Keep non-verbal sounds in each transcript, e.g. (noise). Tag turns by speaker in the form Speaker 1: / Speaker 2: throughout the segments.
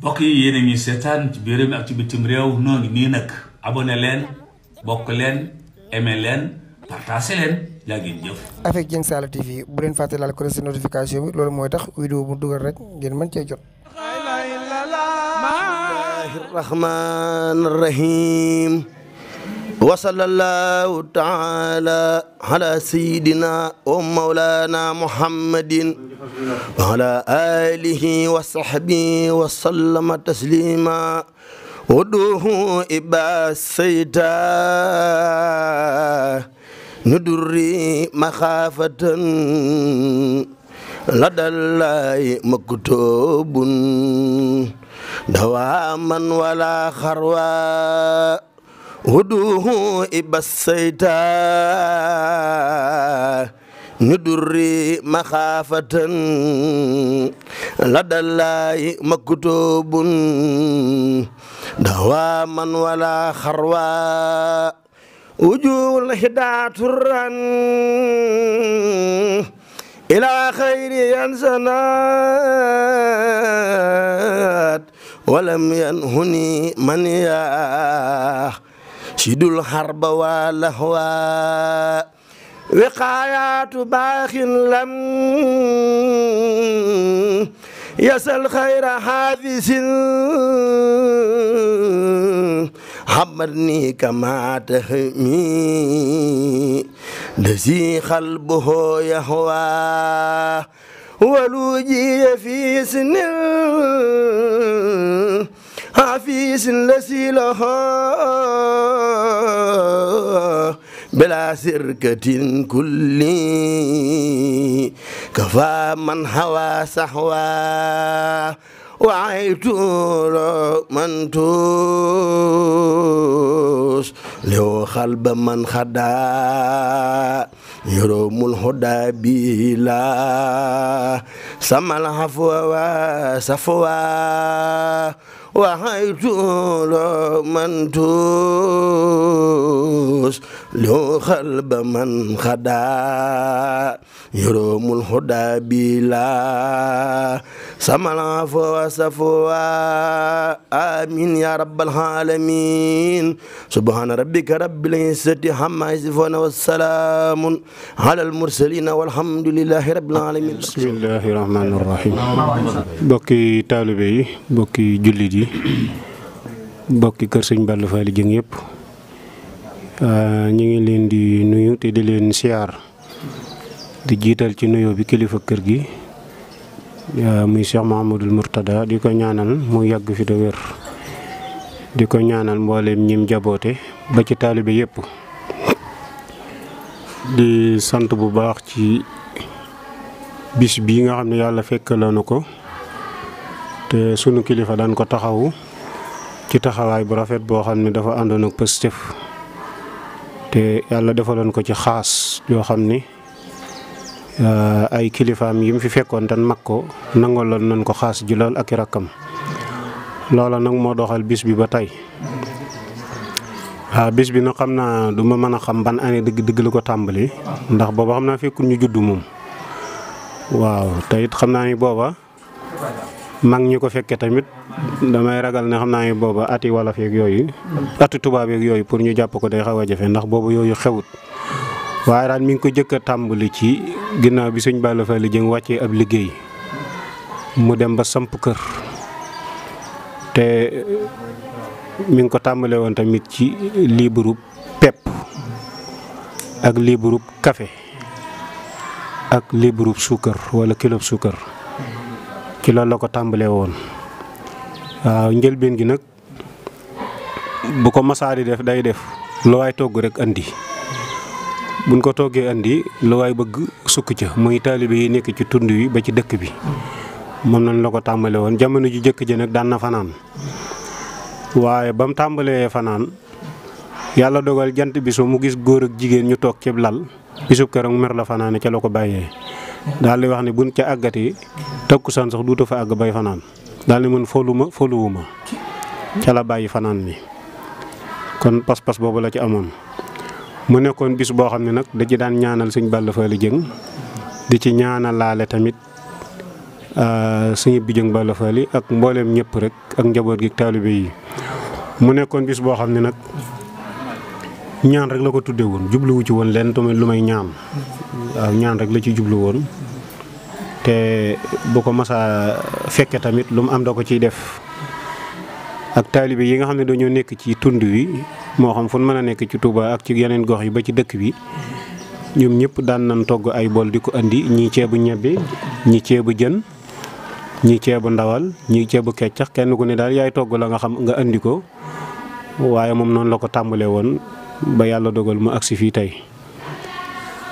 Speaker 1: mbokk yi
Speaker 2: yéen a ñuy seetaan ci biir réew mi ak ci bitim réew noo ngi nii nag abonné leen bokk leen aimé leen partagé leen jaa ngeen jëf.
Speaker 3: avec Dieng Saala TV bu leen fàtte laal
Speaker 1: ko si loolu mooy tax vidéo bu dugal rek ngeen mën cee jot.
Speaker 4: rahmaani rahim. وصلى الله تعالى على سيدنا ومولانا محمد وعلى آله وصحبه وسلم تسليما ودوه إبا سيدا ندري مخافة لدى الله مكتوب دواما ولا خروا huduhu ibasayta ñu durri maxaafatan ladallaay makkutubun dawa man wala xarwa wujul hidaaturan ila xayri yansanat walam yanhuni maniya sidul harba wa lahwa wiqaayatu baaxin lam yasal xayra xaadisin xamat ni kamaata mi dasi xalbuhoo yahwa walu jiye fii sinil حفيظ الذي لها بلا سركة كل كفى من هوى سحوى وعيت منتوس لو خلب من خدا يروم الهدى بلا سمى العفو وسفوى وحيث لمنتوس لو خلب من خدا يروم الهدى بلا sama la afwa amin ya rabbal alamin subhana rabbika rabbil izzati amma wa wassalamun ala al mursalin walhamdulillahi rabbil alamin bismillahir rahmanir
Speaker 1: rahim bokki talibe yi bokki julit yi bokki keur seigne ballu fali jeng euh ñi ngi leen di nuyu te di leen siar di jital ci nuyu bi kilifa keur Ya, muy cheikh mahamadul murtada di ko ñaanal mu yagg fi de wér di ko ñaanal mboolem ñim jaboté ba ci talibé yépp di sante bu baax ci bis bi nga xamné yalla yàlla la ko te sunu kilifa dañ ko taxaw ci taxaway bu rafet bo xamné dafa andon ak pëstef te yalla defalon ko ci khas yo xamné Eh, ay kilifaam yi mu fi fekkoon tan mag ko nangaloon nañ ko xaas ji ak i rakkam loola nag moo doxal bis bi ba tey waaw ah, bis bi nag xam naa duma mën a xam ban année dëgg dëgg la ko tàmbali ndax booba xam naa fekkul ñu judd moom waaw te it xam naa ni booba mag ñu ko fekke tamit damay ragal ne xam naa ni booba ati wolof yeeg yooyu ati tubaab yeeg yooyu pour ñu jàpp ko day xaw a jafe ndax boobu yooyu xewut waye ran mi ngi ko jëk a ci ginnaaw bi señ Balla li jëng wacce ab liggey mu dem ba samp kër te mi ngi ko tambalé won tamit ci liibarub pep ak liibarub café ak liibarub sucre wala kilo sucre ci lool la ko won. woon waaw njëlbeen gi nak bu ko masaari def day def lo way togg rek andi buñ ko toggé andi lo way bëgg sukk ci muy talibé yi nekk ci tundu wi ba ci dëkk bi mom nañ lako tambalé won jamono ju jëk ji nak daan na fanan, waye bam tambalé fanan yalla dogal jant bi so mu gis goor ak jigéen ñu tok ci lal bisub keroog mer la fanaane ci lako bayé dal li wax ni buñ agati àggatee san sax duuta fa ag bay fanan dal ni mën foluma foluuma ci la bayyi fanan ni kon pas-pas bobu la ci amone mu nekkoon bis boo xam ne nag da ci daan ñaanal suñ Balla Fally Dieng di ci ñaanal laale tamit euh, suñu bi Dieng Balla Fally ak mbooleem ñëpp rek ak njaboot gi taalibe yi mu nekkoon bis boo xam ne nag ñaan rek la ko tuddee woon jubluwu ci woon leen tamit lu may ñaan waaw ñaan rek la ci jublu woon te bu ko masaa fekke tamit lu mu am da ko ciy def ak taalibe yi nga xam dañu dañoo nekk ci tundu wi mo xam fuñu mëna nekk ci Touba ak ci yenen gox yi ba ci dëkk bi ñom ñëpp daan nañ togg ay bol di ko andi ñi ciébu ñebbe ñi ciébu jën ñi ciébu ndawal ñi ciébu kéccax kenn ku ne daal yaay togg la nga xam nga andi ko waye mom non la ko tambalé won ba yalla dogal mu aksi fi tay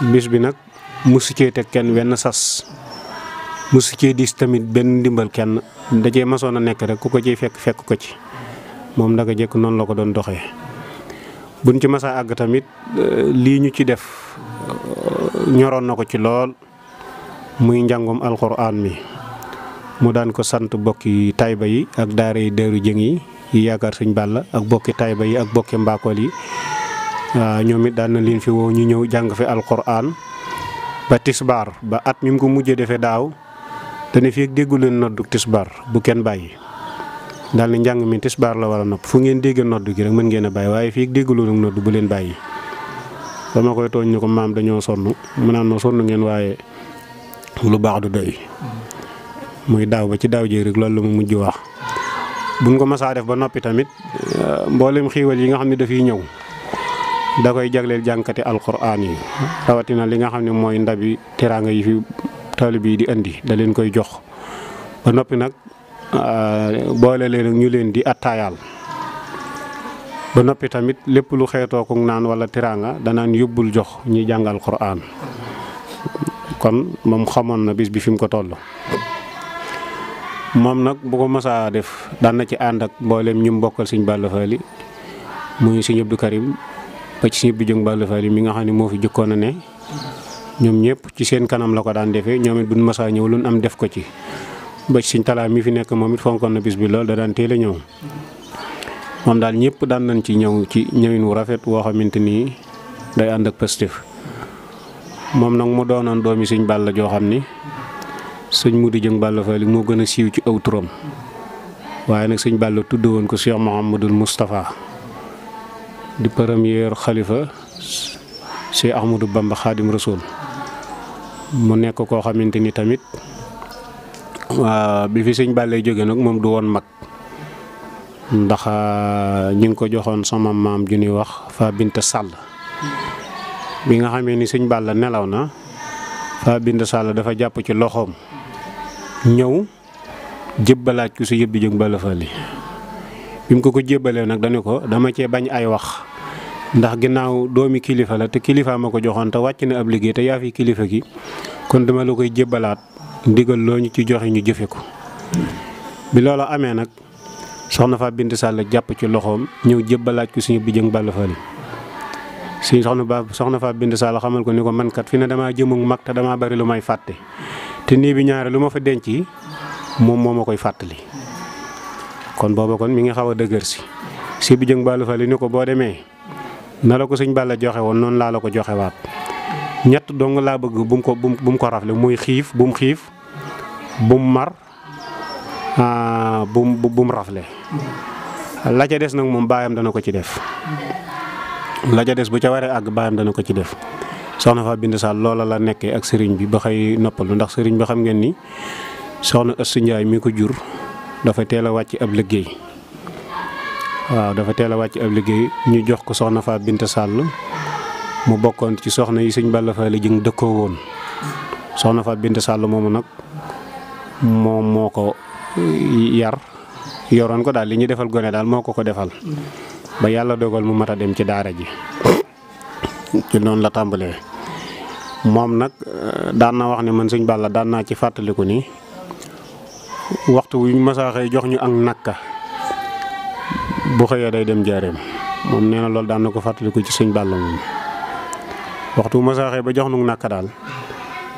Speaker 1: bis bi nak musu cee teg kenn wenn sas musu cee diis tamit ben dimbal kenn da cee masoon a rek ku ko fekk fekk ko ci mom naka jek non la ko don doxé buñ ci massa ag tamit euh, li ñu ci def euh, ñoron nako ci lool muy njàngum alquran mi mu daan ko sant bokki tayba yi ak daara yi deeru jëng yi yaakar yaakaar balla ak bokki tayba yi ak bokki mbakol yi waaw daan na leen fi wo ñu ñew jang fi alquran ba tisbar ba at mi mu mujjé defé daaw dana fi déggu leen noddu tisbar bu kenn bayyi daal ni njàng mi baar la war a nopp fu ngeen dégg noddu gi rek mën ngeen a bàyyi waaye fii déggaloo ak noddu bu leen bàyyi. dama koy tooñ ni ko maam dañoo sonn mu naan ma sonn ngeen waaye lu baax du doy muy daaw ba ci daaw jéeg rek loolu la mu mujj wax. buñ ko masaa def ba noppi tamit euh, mboolem xiiwal yi nga xam ne dafay ñëw da koy jagleel jànkati alquran yi rawatina li nga xam ne mooy ndabi teraanga yi fi taalib yi di indi da leen koy jox ba noppi Euh, boole leen ak ñu leen di attaayaal ba tamit lépp lu xeetoo ku naan wala tiraanga danaan yóbbul jox ñi jàngal Qur'an kon mom xamoon na bis bi fi mu ko toll. moom nag bu ko masaa def daan na ci ànd ak mboolem ñu mbokkal suñ Balla Fally muy Abdou Karim ba ci suñ Abdou Dieng Balla Fally mi nga xam fi ci seen kanam la ko daan defee ñoom it masaa ñëw am def ko ci. ba ci suñ talaa mi fi nekk moom it fonkoon na bis bi lool da daan teel ñëw moom daal ñëpp daan nañ ci ñëw ci ñëwin wu rafet woo xamante nii day ànd ak positif moom nag mu doonoon doomi suñ Balla joo xam ni suñ mu di jëng Balla Fally moo gën a siiw ci aw turam waaye nag suñ Balla tudd woon ko Cheikh Mouhamadul Moustapha di premier xalifa Cheikh Ahmadou Bamba Khadim Rasoul mu nekk koo xamante ni tamit. Ah, bi fi sëñ Balla jóge nag moom du woon mag ndax ah, ñu ngi ko joxoon sama maam ju ñuy wax Fa Binta Sall bi nga xamee ni sëñ Balla nelaw na Fa Binta Sall dafa jàpp ci loxoom ñëw jébbalaaj ku si yëbbi jóg bala bi mu ko ko jébbalee nag dañu ko dama cee bañ ay wax ndax ginnaaw doomi kilifa la te kilifa ma ko joxoon te wàcc na ab liggéey te yaa fi kilifa gi kon dama la koy jébbalaat digal loo ci joxe ñu jëfé ko bi loola amé nak soxna fa bint sall japp ci loxom ñew jébbalaaj ko suñu bijeeng bàll faali suñu soxna ba soxna fa bint sall xamal ko ni man kat fi ne jëm ak mak ta dama bari lu may fatte te ni bi ñaar lu ma fa denc koy fatali kon bobo kon mi ngi xawa deugër ci si bijeeng bijjëng faali niko bo démé demee na la ko suñ bàll joxe won non laa la ko joxe waat ñett dong la bëgg bu ko bu ko raflé muy xif bu mu bum mar ah, bum bum rafle la ca dess nak mom bayam dana ko ci def la ca dess bu ca waré ag bayam dana ko ci def soxna fa bind sal lola la nekké ak serigne bi ba xey noppalu ndax serigne bi xam ngeen ni soxna assu njaay mi ko jur dafa téla wacc ab liggéey waaw dafa téla wacc ab liggéey ñu jox ko soxna fa bint sal mu bokkon ci soxna yi serigne balla fa la dekkowon soxna fa bint sal mom nak moom moo ko yar yoroon ko daal li ñuy defal gone daal moo ko ko defal ba yàlla dogal mu mat a dem ci daara ji ci noonu la tàmbalee moom nag euh, daan na wax ne man suñ Balla daan naa ci fàttaliku nii waxtu wu ñu masaa xëy jox ñu ak nakka bu xëyee day dem jaareem moom nee na loolu daan na ko fàttaliku ci suñ bàlla moom waxtu wu masaa xëy ba jox nu nakka daal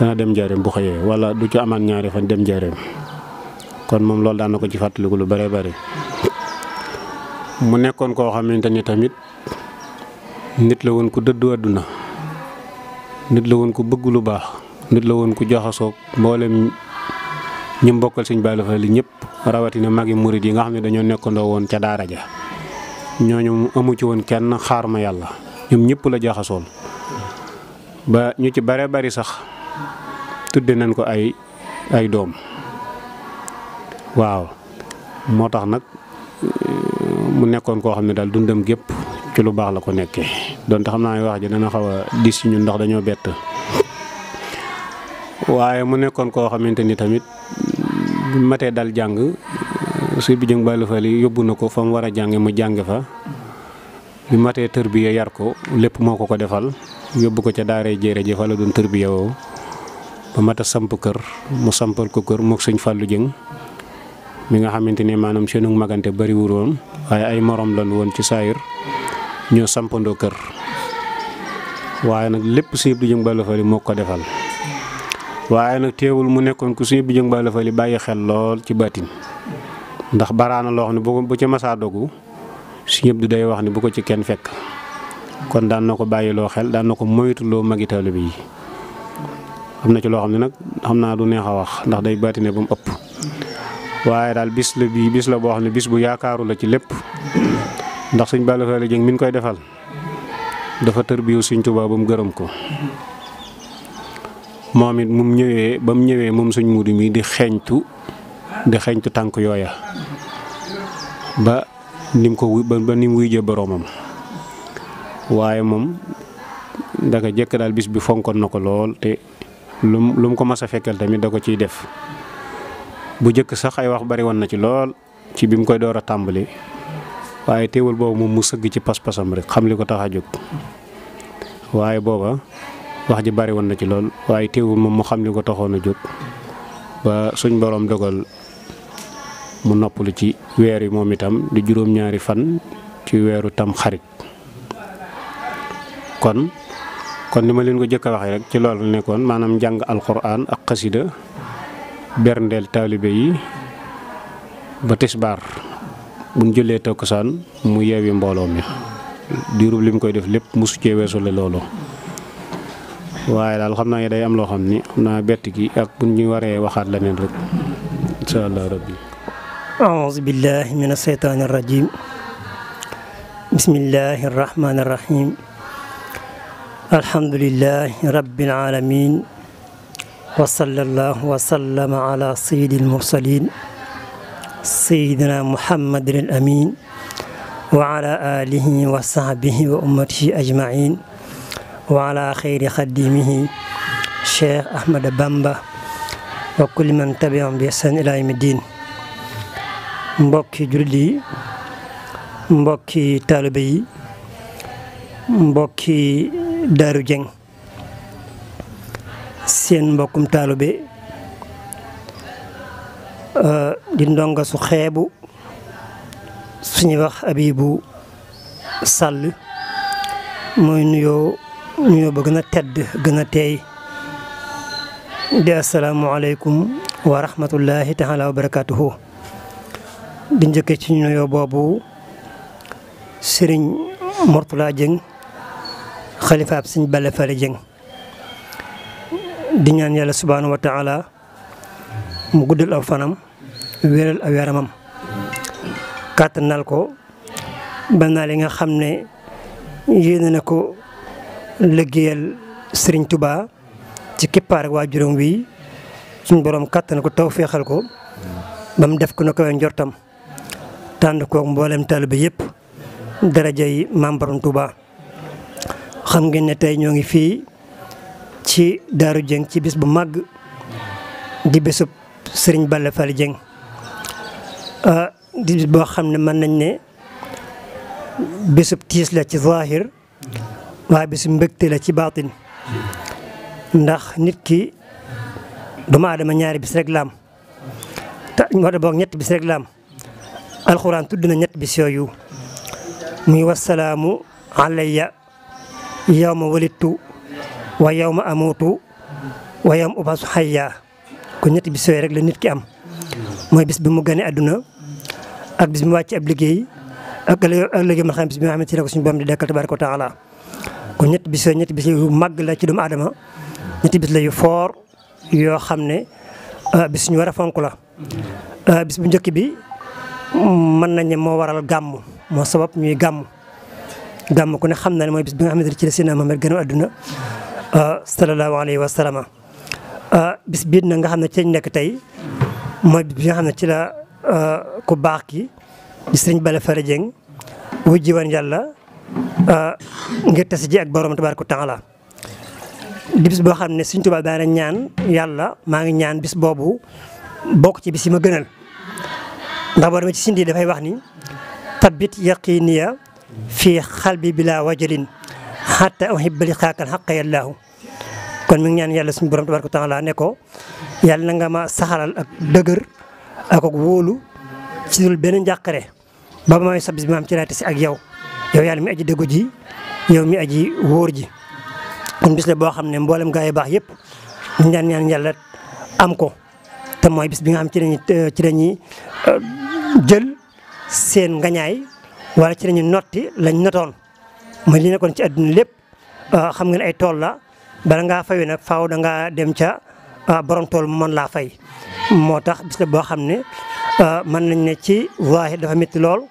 Speaker 1: dana dem njaareem bu xëyee wala du ci amaat ñaari fan dem njaareem kon moom loolu daan na ko ci fàttaliku lu bare bare mu nekkoon koo xamante ne tamit nit la woon ku dëddu àdduna nit la woon ku bëgg lu baax nit la woon ku joxasoo mboolem ñi mbokkal suñ bàyyi fa li ñëpp rawatina yi murit yi nga xam ne dañoo nekkandoo woon ca daara ja ñooñu amu ci woon kenn xaar ma yàlla ñoom ñëpp la jaxasool ba ñu ci bare bari sax tudde nañ ko ay ay doom waaw moo tax nag eh, mu nekkoon koo xam ne daal dundam gépp ci lu baax la ko nekkee dont xam naa ne wax ji dana xaw a dis ndox dañoo bett waaye mu nekkoon koo xamante ni tamit bu matee dal jàng suy bi jëng bàyyi li yóbbu na ko fa mu war a jànge mu jànge fa bi matee tërbiya yar ko lépp moo ko ko defal yóbbu ko ca daaray jéere ji fa la doon tërbiya woo ba mata samp kër mu sampal ko kër moog sëñ fàllu jëng mi nga ne seenu magante bari wul ay ay morom lan woon ci saayir ñoo sampandoo kër waaye nag lépp sëñ Abdou Dieng Balla Fally moo ko defal waaye nag teewul mu nekkoon ku sëñ Abdou Dieng Balla Fally bàyyi xel lool ci baatin ndax baraana loo xam bu bu ci dogu day wax bu ko ci kon daan na ko lo xel daan na ko moytuloo magi taalibe xam na ci loo xam ne nag xam naa du neex a wax ndax day baatine ba mu ëpp waaye daal bis la bii bis la boo xam ne bis bu yaakaaru la ci lépp ndax suñ Balla Fally Dieng mi ngi koy defal dafa tërbiwu suñ Tuubaa ba mu gërëm ko moom it mu ñëwee ba mu ñëwee moom suñ muudu mii di xeeñtu di xeeñtu tànk yooya ba nim ko ba nim wuy jë boroomam waaye moom danga jëkk daal bis bi fonkoon na ko lool te lum lum ko massa fekkal tamit da ko ciy def bu jëkk sax ay wax bari won na ci lol ci bim koy doora tambali waye teewul bobu moom mu ci pas-pasam rek xam li ko tax waye boba wax ji bari won na ci lol waye teewul mom mu xam li ko taxoon a ba suñ borom dogal mu noppulu ci weer yi di juroom ñaari fan ci wéru tam xarit kon kon dama len ko jëk a rek ci loolu nekkoon manam jang alquran ak qasida berndel talibé yi ba tisbar buñ jëlé tokkosaan mu yewi mbolo mi rub lim koy def lepp musu cee weesule loolu day am lo xamni ni betti gi ak buñ ñu waree waxaat leneen rek inshallah rabbi
Speaker 5: أعوذ billahi minash shaitanir rajim. bismillahir rahmanir rahim الحمد لله رب العالمين وصلى الله وسلم على سيد المرسلين سيدنا محمد الأمين وعلى آله وصحبه وأمته أجمعين وعلى خير خديمه شيخ أحمد بامبا وكل من تبعهم بإحسان إلى يوم الدين مبكي جلدي مبكي طالبي مبكي Darou Dieng seen mbokkum bi eh, di ndongo su xeebu suñuy wax Abibu sàll mooy nuyoo nuyoo ba gën a tedd gën a teey di asalaamualeykum wa rahmatullahi taala wa barakatuhu di njëkkee ci nuyoo boobu Serigne Mourtala Dieng khalifa ab seigne Balla Fally jeng di ñaan yalla subhanahu wa taala mu guddal aw fanam wéral aw yaramam katnal ko ba li nga xamne ne na ko liggéeyal Serigne Touba ci kippaar ak wi borom ko ko bam def ko nako njortam tànd koog mboolem talib yépp daraja yi mambarun Touba xam ngeen ne tey ñoo ngi fii ci Daaru jeng ci bis bu mag di bésub Serigne Balla jeng Dieng ah, di bis boo xam ne mën nañ ne bésub tiis la ci zahir waaye bésub mbégte la ci baatin ndax nit ki ada adama ñaari bis rek laam te wala boog ñett bis rek laam alquran tudd na ñett bis yooyu muy wasalaamu alayya yawma walittu wa yawma amutu wa yawma ubasu hayya ko ñetti bis yoy rek la nit ki am moy bis bi mu gane aduna ak bis mu wacc ab liggey ak ak liggey ma xam bis bi am ci rek suñu bam di dekkal tabaraku taala ko ñetti bis ñetti bis yu mag la ci dum adama ñetti bis la yu for yo xamne euh, bis ñu wara fonku la euh, bis bu ñëkk bi man nañ mo waral gamu mo sabab ñuy gamu gàmm ku ne xam na ne mooy bis bi nga xamante ne ci la Seydina Muhammad gën a adduna euh, sallallahu alayhi wa sallam euh, bis biit na nga xam ne ci nekk tey mooy bis bi ci la euh, ku baax ki di sëriñ Bala Fara Dieng wujji woon yàlla ngir tase ji ak borom tabaaraka taala di bis boo xam ne Sëriñ Tuubaa daana ñaan yàlla maa ngi ñaan bis boobu bokk ci bis yi ma gënal ndax boo demee ci sindi dafay wax ni tabit yaqiniya fi khalbi bila wajlin hatta xatta uhibba alhaq ya allah kon mi ngi ñaan yàlla suñu borom tabaraka taala ne ko yalla nga ma saxal ak dëgër ak ak wolu ci dul ben jakare ba ma sa bis maam ci ci ak yow yow yalla mi aji deggu ji yow mi aji wor ji kon bis la boo xam ne mboolem gaa yi baax amko. ñu ñaan ñaan am ko te moy bis bi nga am ci lañuy ci euh, lañuy jël seen ngañaay wala ci lañu noti lañ noton mooy li nekkon ci aduna lepp xam nga ay tol la bala nga fayu nak faaw da nga dem ca ah, borom tol mu la fay. motax bis la boo xam ne ah, nañ ne ci waaye dafa metti lol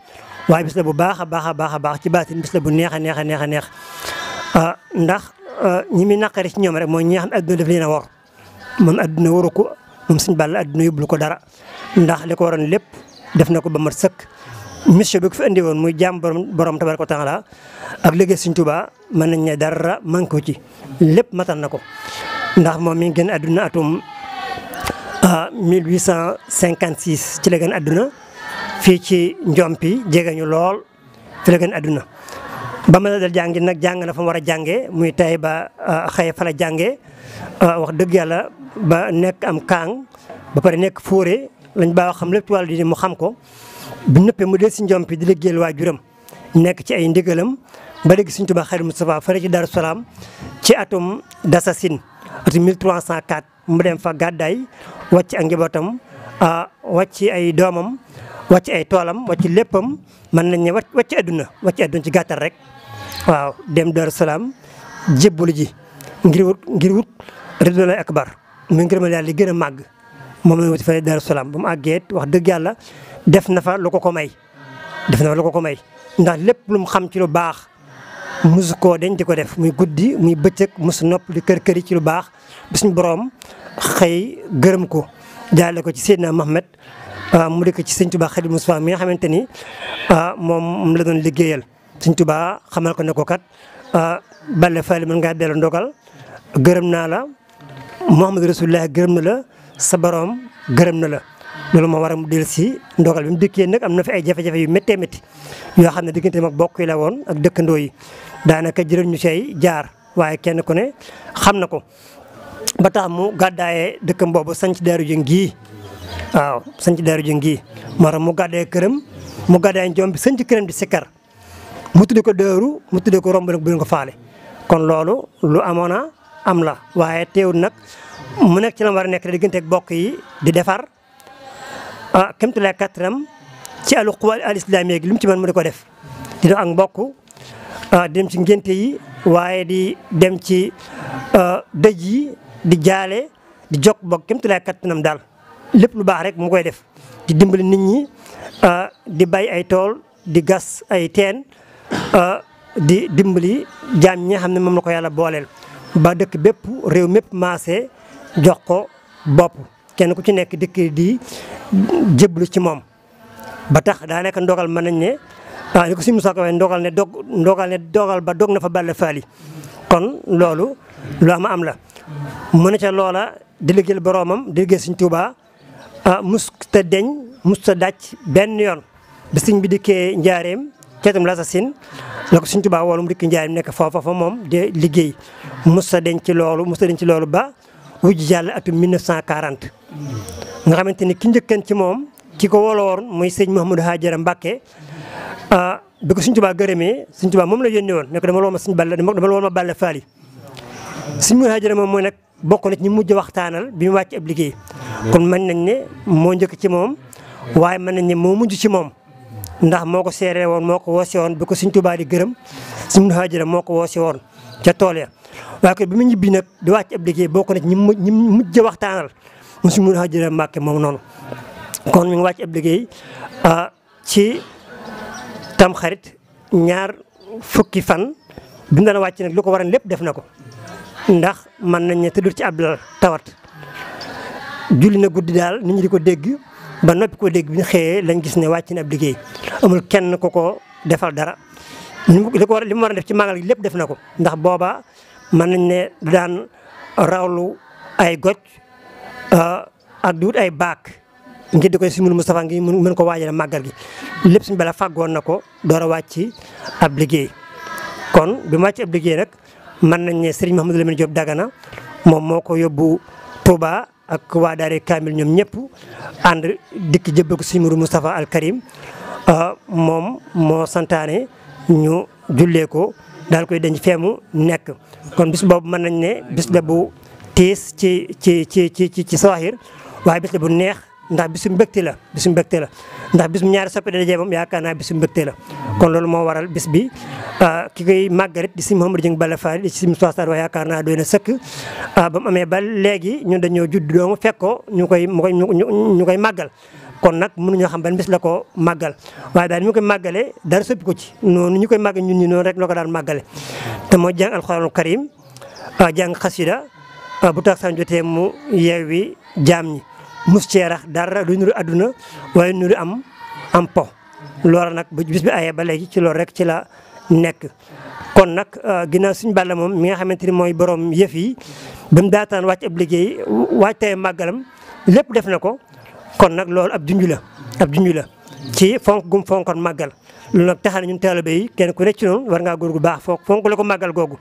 Speaker 5: waaye bis la bu baakha baakha baakha baax ci batin bis la bu neex a neex neex neex ah, ndax ñi mi naqari ci ñom rek mooy ñi xam aduna àdduna daf leen a war moom àdduna waru ko moom ko dara ndax liko waron lepp def nako ba mat sëkk monsieur bi ko fi andi won muy jam borom borom tabaraku taala ak liggéey seigne touba man nañ ne dara manko ci lepp matal nako ndax mom mi gën aduna atum 1856 ah, ci la gën aduna fi ci Njompi jege ñu lool fi la gën aduna ba ma dal jangi nak jang na fa wara jangé muy tay ba ah, fa la jangé ah, wax deug yalla ba nek am kang ba pare nek fouré lañ ba xam lepp tuwal di mu xam ko bu nëppee mu des si njompi di liggéeyal waajuram nekk ci ay ndigalam ba léegi Sëriñ Tuubaa Xaadimu Mustafaa fële ci Daaru Salaam ci atum dasasin atum 1304 mu dem fa gàddaay wàcc a njabootam wàcc ay doomam wàcc ay toolam wàcc léppam mën nañ ne wàcc adduna wàcc adduna ci gàttal rek waaw dem dar Salaam jébbalu ji ngir wut ngir wut ridwanul akbar mu ngërëmal yàlla li gën a màgg moom la ñu wut fële Daaru Salaam ba mu àggee wax dëgg yàlla def na fa lu ko ko may def na ko ko may ndax lépp lu mu xam ci lu baax musu koo dañ di ko def muy guddi muy bëccëg musu nopp di kër kër yi ci lu baax bi boroom xëy gërëm ko jaale ko ci Seydina Mohamed ah, mu di ko ci sëñ Tuubaa Xaadimu Mustafaa mi nga xamante ni ah, moom la doon liggéeyal sëñ Tuubaa xamal ko ne ko kat ah, bale faali mën ngaa dellu ndogal gërëm naa la Muhammadu Rasulullah gërëm na la sa boroom gërëm na la loolu moo waram mu del si ndogal bi mu dikkee nak amna fi ay jafe-jafe yu metté metti yo xamné ne mak bokk yi la won ak dëkkandoo yi daanaka jërëm ñu sey jaar waaye kenn ku ne xamna ko ba tax mu gàddaayee dëkkam mbobu sanc daaru jëng gii waaw sanc daaru jëng gii moo mu gàddaayee kërëm mu gàddaayee ñom bi sanc kërëm di sekar mu tuddé ko dëru mu tuddé ko romb nak bu ko faalé kon loolu lu amona am la waaye teewul nak mu nek ci la war nek digënté ak bokk yi di défar ah kéemtulaay kàttanam ci àllu quwaa al islaamiya mu ci mën mu di ko def di dox ak mbokk ah, dem ci ngénte yi waaye di dem ci ah, dëj yi di jaale di jokk bokk kéemtulaay kàttanam daal lépp lu baax rek mu koy def di dimbali nit ñi ah, di bay ay tool di gas ay teen di dimbali jaam ñi nga xam ne moom la ko yàlla booleel ba dëkk bépp réew mépp maase jox ko bopp kenn ku ci nekk dëkk di jéblu ci moom ba tax daanaka ndogal mën nañ ne ah li ko si Moussa ko waxee ndogal ne dog ndogal ne dogal ba dog na fa Balla Faali kon loolu lu am am la mën na ca loola di liggéeyal boroomam di liggéey Sëñ Tuubaa ah mus ta deñ mus ta dàcc benn yoon bi sëñ bi dikkee njaareem ceetum la sa sin la ko Sëñ Tuubaa wala mu dikk njaareem nekk foofa fa moom di liggéey mus ta deñ ci loolu mus ta deñ ci loolu ba wujj jàll atum 1940 nga xamante ne ki njëkkan ci moom ki ko woolo woon muy sëñ Mouhamadou Hajara Mbacke ah, bi ko suñ tubaa gërëmee suñ tubaa moom la yónni woon ne ko dama la woon ma suñ bàll dama la woon ma bàll faali suñ Mouhamadou Hajara moom moo nag bokk na ñi ñu mujj waxtaanal bi mu wàcc ab liggéey kon mën nañ ne moo njëkk ci moom waaye mën nañ ne moo mujj ci moom ndax moo ko seeree woon moo ko woose woon bi ko suñ tubaa di gërëm suñ Mouhamadou Hajara moo ko woose woon ca tool ya waaye bi mu ñibbi nag di wàcc ab liggéey bokk na ci ñu mujj waxtaanal mosu mu hajjira Mbàkke moom noonu kon mi ngi wàcc ab liggéey ah, ci tamxarit ñaar fukki fan bi mu daan wàcc nag lu ko waral lépp def na ko ndax mën nañ ne tëddul ci ab tawat julli na guddi daal nit ñi di ko dégg ba noppi ko dégg bi ñu xëyee lañ gis ne wàcc na ab liggéey amul kenn ku ko defal dara li ko war mu war a def ci màggal gi lépp def na ko ndax booba mën nañ ne daan rawlu ay goj Uh, adduud ay bak. ngiddi koy simul Mustafa ngi mën ko waajal magal gi lepp sun bala fagon nako ko door kon bi mu wàcc ab liggéey nag mën nañ ne Serigne Mahamadou Lamine Diop Dagana mom moko yobbu Touba ak wa Daare Kamil ñom ñepp and dik jëbbal ko al Karim uh, Mom, mo santaane ñu jullee ko dal koy denc feemu nek kon bis bobu man nañ ne bis debu tiis ci ci ci ci ci ci sawahir way la bu neex ndax bisu mbégte la bisu mbégte la ndax bisu ñaari soppe dajee moom yaakaar naa bisu la kon mo waral bis bi ah, ki koy magaret di si Mouhamadou Dieng Balla Fall di si soissar way wax yaakaar naa doy na sëkk ah, ba mu amee ba léegi ñun magal judd doomu fekkoo ñu koy ñu koy magal kon xam ben bis la ko magal way daal ni koy dara soppi ko ci noonu ñu koy ñun ñi non rek lako daan te mo jang karim ah, jang khasida bu takkusaan jotee mu yeewi jaam ñi mus cee rax dara du nuru àdduna waaye nuru am am po loola nag bu bis bi ayee ba léegi ci loolu rek ci la nekk kon nag euh, ginaa suñu balla moom mi nga xamante ni mooy boroom yëf yi ba mu daataan wàcc ab liggéey waajtee màggalam lépp def na ko kon nag loolu ab junj la ab junj la ci fonk gum fonkoon màggal loolu nag tax na ñun taalibe yi kenn ku nekk ci noonu war ngaa góor gu baax fonk fonk la ko màggal googu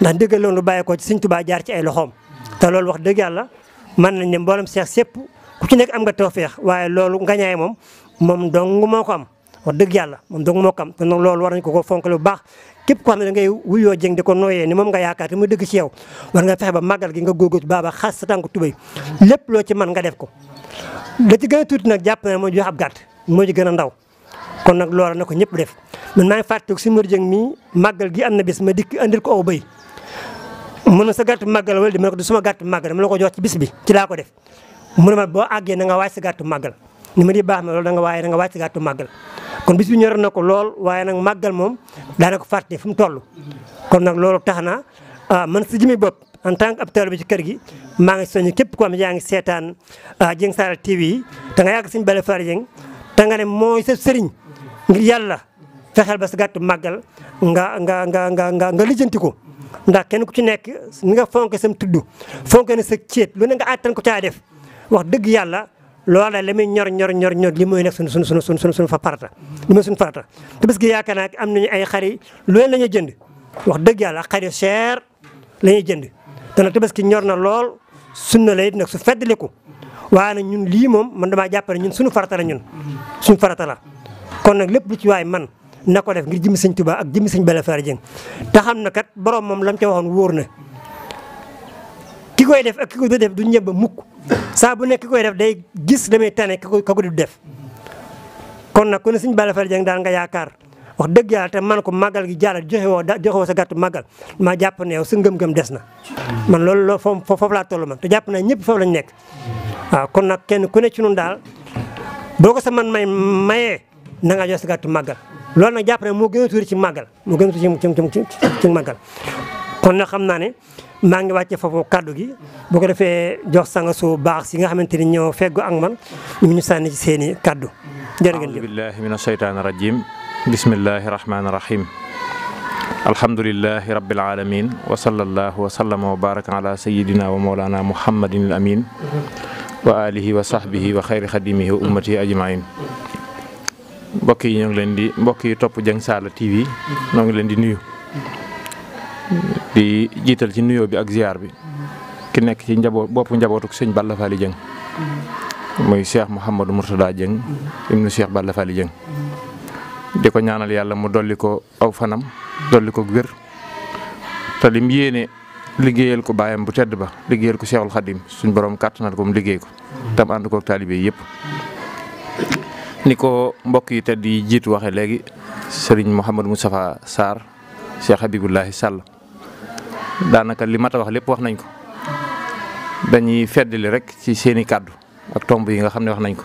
Speaker 5: ndax ndigal loolu lu bàyyeekoo ci Sëñ Tuubaa jaar ci ay loxoom. te loolu wax dëgg yàlla mën nañ ne mboolem seex sépp ku ci nekk am nga feex waaye loolu ngañaay moom moom dong moo ko am wax dëgg yàlla moom dong moo ko am te nag loolu war nañ ko ko fonkale bu baax képp koo xam ne da ngay wuyoo jëng ko nooyee ni moom nga yaakaar te muy dëgg ci yow war nga fexe ba màggal gi nga góorgóorlu baaba xas sa tànk tubéy lépp loo ci man nga def ko da ci tuuti nag jàpp na jox ab gàtt moo ci gën a kon nag loola na ko ñëpp def man maa ngi fàttaliku si mur jëng mii màggal gi am na bis ma dikk andil ko aw bay mu sa gatt magal wal di ma ko du suma gatt magal dama la ko jox ci bis bi ci la ko def mu ma bo agge na nga waaj sa gàttu màggal ni ma di baax na lol da nga waaye da nga waaj sa gàttu kon bis bi ñor nako lol waye nak magal mom da daana ko fàtte fu mu kon nak loolu taxna ah, man su jimi bop en tant que ab ci kër gi ma nga soñu kep ko am yaa ngi seetaan jeng ah, Saala TV da nga yag Sëñ bele far jeng da nga ne moy sa sëriñ ngir yalla fexel ba sa gatt magal nga nga nga nga nga lijeentiko ndax kenn ku ci nek ni nga fonké sam tuddu fonké na sa ciet lu ne nga atane ko caa def wax deug yalla loola lamay sun ñor ñor ñor ñor li mooy fa farata li sun farata te bes gi yakana am nañu ay xari lu leen lañu jënd wax deug yalla xari cher nyor ñuy jënd te bes tabaski ñor na lool sunna lay it su feddliku waana ñun li mom man dama ñun sunu farata la ñun sunu farata la kon nak lepp lu ci way man na ko def ngir jëmmi sëñ Tuubaa ak jëmmi sëñ Balla Fally Dieng te xam na kat borom moom lam ca waxoon wóor na ki koy def ak ki du ñëbb mukk saa bu nekk koy def day gis damay tane ka ko di def kon nag ku ne sëñ Balla Fally daal nga yaakaar wax dëgg yàlla man ko màggal gi jàllal joxe woo joxe sa gàttu màggal maa jàpp ne yow ngëm-ngëm des na man loolu loo foofu laa toll man te jàpp naa ñëpp lañ nekk waaw kon nag kenn ku ne ci noonu daal boo ko sa man may mayee na nga jox sa loolu nag jàpp ne moo gën tuuri ci màggal moo gën a tuuri ci ci kon nag xam naa ne maa ngi wàcce foofu kàddu gi bu ko defee jox sanga su baax si nga xamante ni ñoo feggu ak man ñu ñu sànni ci seen i kàddu
Speaker 2: jërë ngeen jëf a'uuzu billaahi mina shaytaani rajiim bismillaahi rahmaani rahiim alhamdulillahi rabbil alamin wa sallallahu wa sallama wa baraka ala sayyidina wa mawlana muhammadin al wa alihi wa sahbihi wa xayri xadimihi wa ummatihi ajmain mbokk yi ñoo ngi leen di mbokk yi top Dieng sala TV ñoo ngi leen di nuyu di jital ci nuyo bi ak ziar bi ki nek ci njabot bop njabootuk seigne Balla fali jeng muy Cheikh mohammed murtada jeng, ibnu Cheikh Balla fali jeng di ñaanal yalla mu dolli ko aw fanam dolli ko gur, ta lim yene liggéeyal ko bayam bu tedd ba liggéeyal ko Cheikhul Khadim suñu borom kàttanal ko mu liggéey ko tam and ko talibey taalibe Niko mbok yi tedd yi jitu waxe legi serigne mohammed Moustapha sar Cheikh habibullah Sall danaka li mata wax lepp wax nañ ko dañuy feddeli rek ci seeni kaddu ak tombe yi nga xamne ne wax nañ ko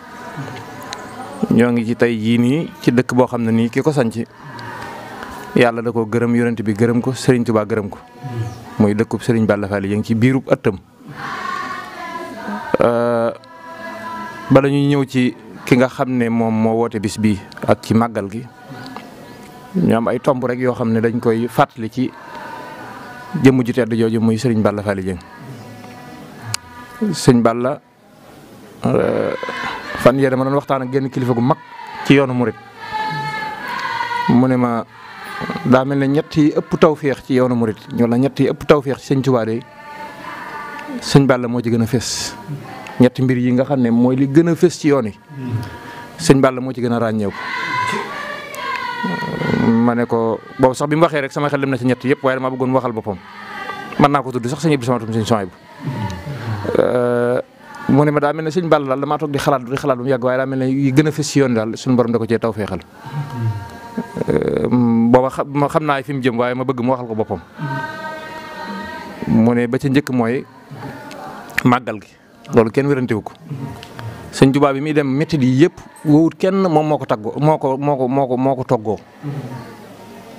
Speaker 2: ñongi ci tay yi ni ci dekk bo xamne ni kiko sañ ci yalla da ko gërëm yonent bi gërëm ko serigne touba ko muy dekk serigne Balla Fall yi ngi ci euh ba ñew ci ki nga xamne ne mo wote bis bi ak ci magal gi am ay tomb rek yo xamne ne dañ koy fatali ci jëm ju tedd jooju muy Serigne Balla fali jeng serigne Balla euh, fan yee dama don waxtaan ak genn kilifa gu mag ci yoonu mourid mu ne ma daa mel ne yi ëpp tawfiix ci yoonu mourid ñu la ñett yi ëpp tawfiix ci sëñ Tuubaa de serigne Balla mo ci gëna fess ñetti mbir yi nga xamne moy li gëna fess ci yoon yi sëñ Balla mo ci gëna a ràññeeku ma ko bo sax bimu waxé rek sama xel dem na ci ñett yépp waye dama bëggoon waxal bopam man na ko tuddu sax sëñ Ibra Sama tum sëñ Sohaybu mu ne ma da melni ne Balla dal dama tok di xalaat di xalaat bu yag waye da melni yi gëna fess ci yoon dal suñu borom da ko ci taw fexal feexal booba ma xamna fi mu jëm waye ma bëgg mu waxal ko bopam mu ne ba ci ñëk moy magal gi loolu kenn wérantewu ko sëñ Tuubaa bi muy dem métti yi yëpp wowut kenn moom moo ko taggoo moo ko moo ko moo ko moo ko toggoo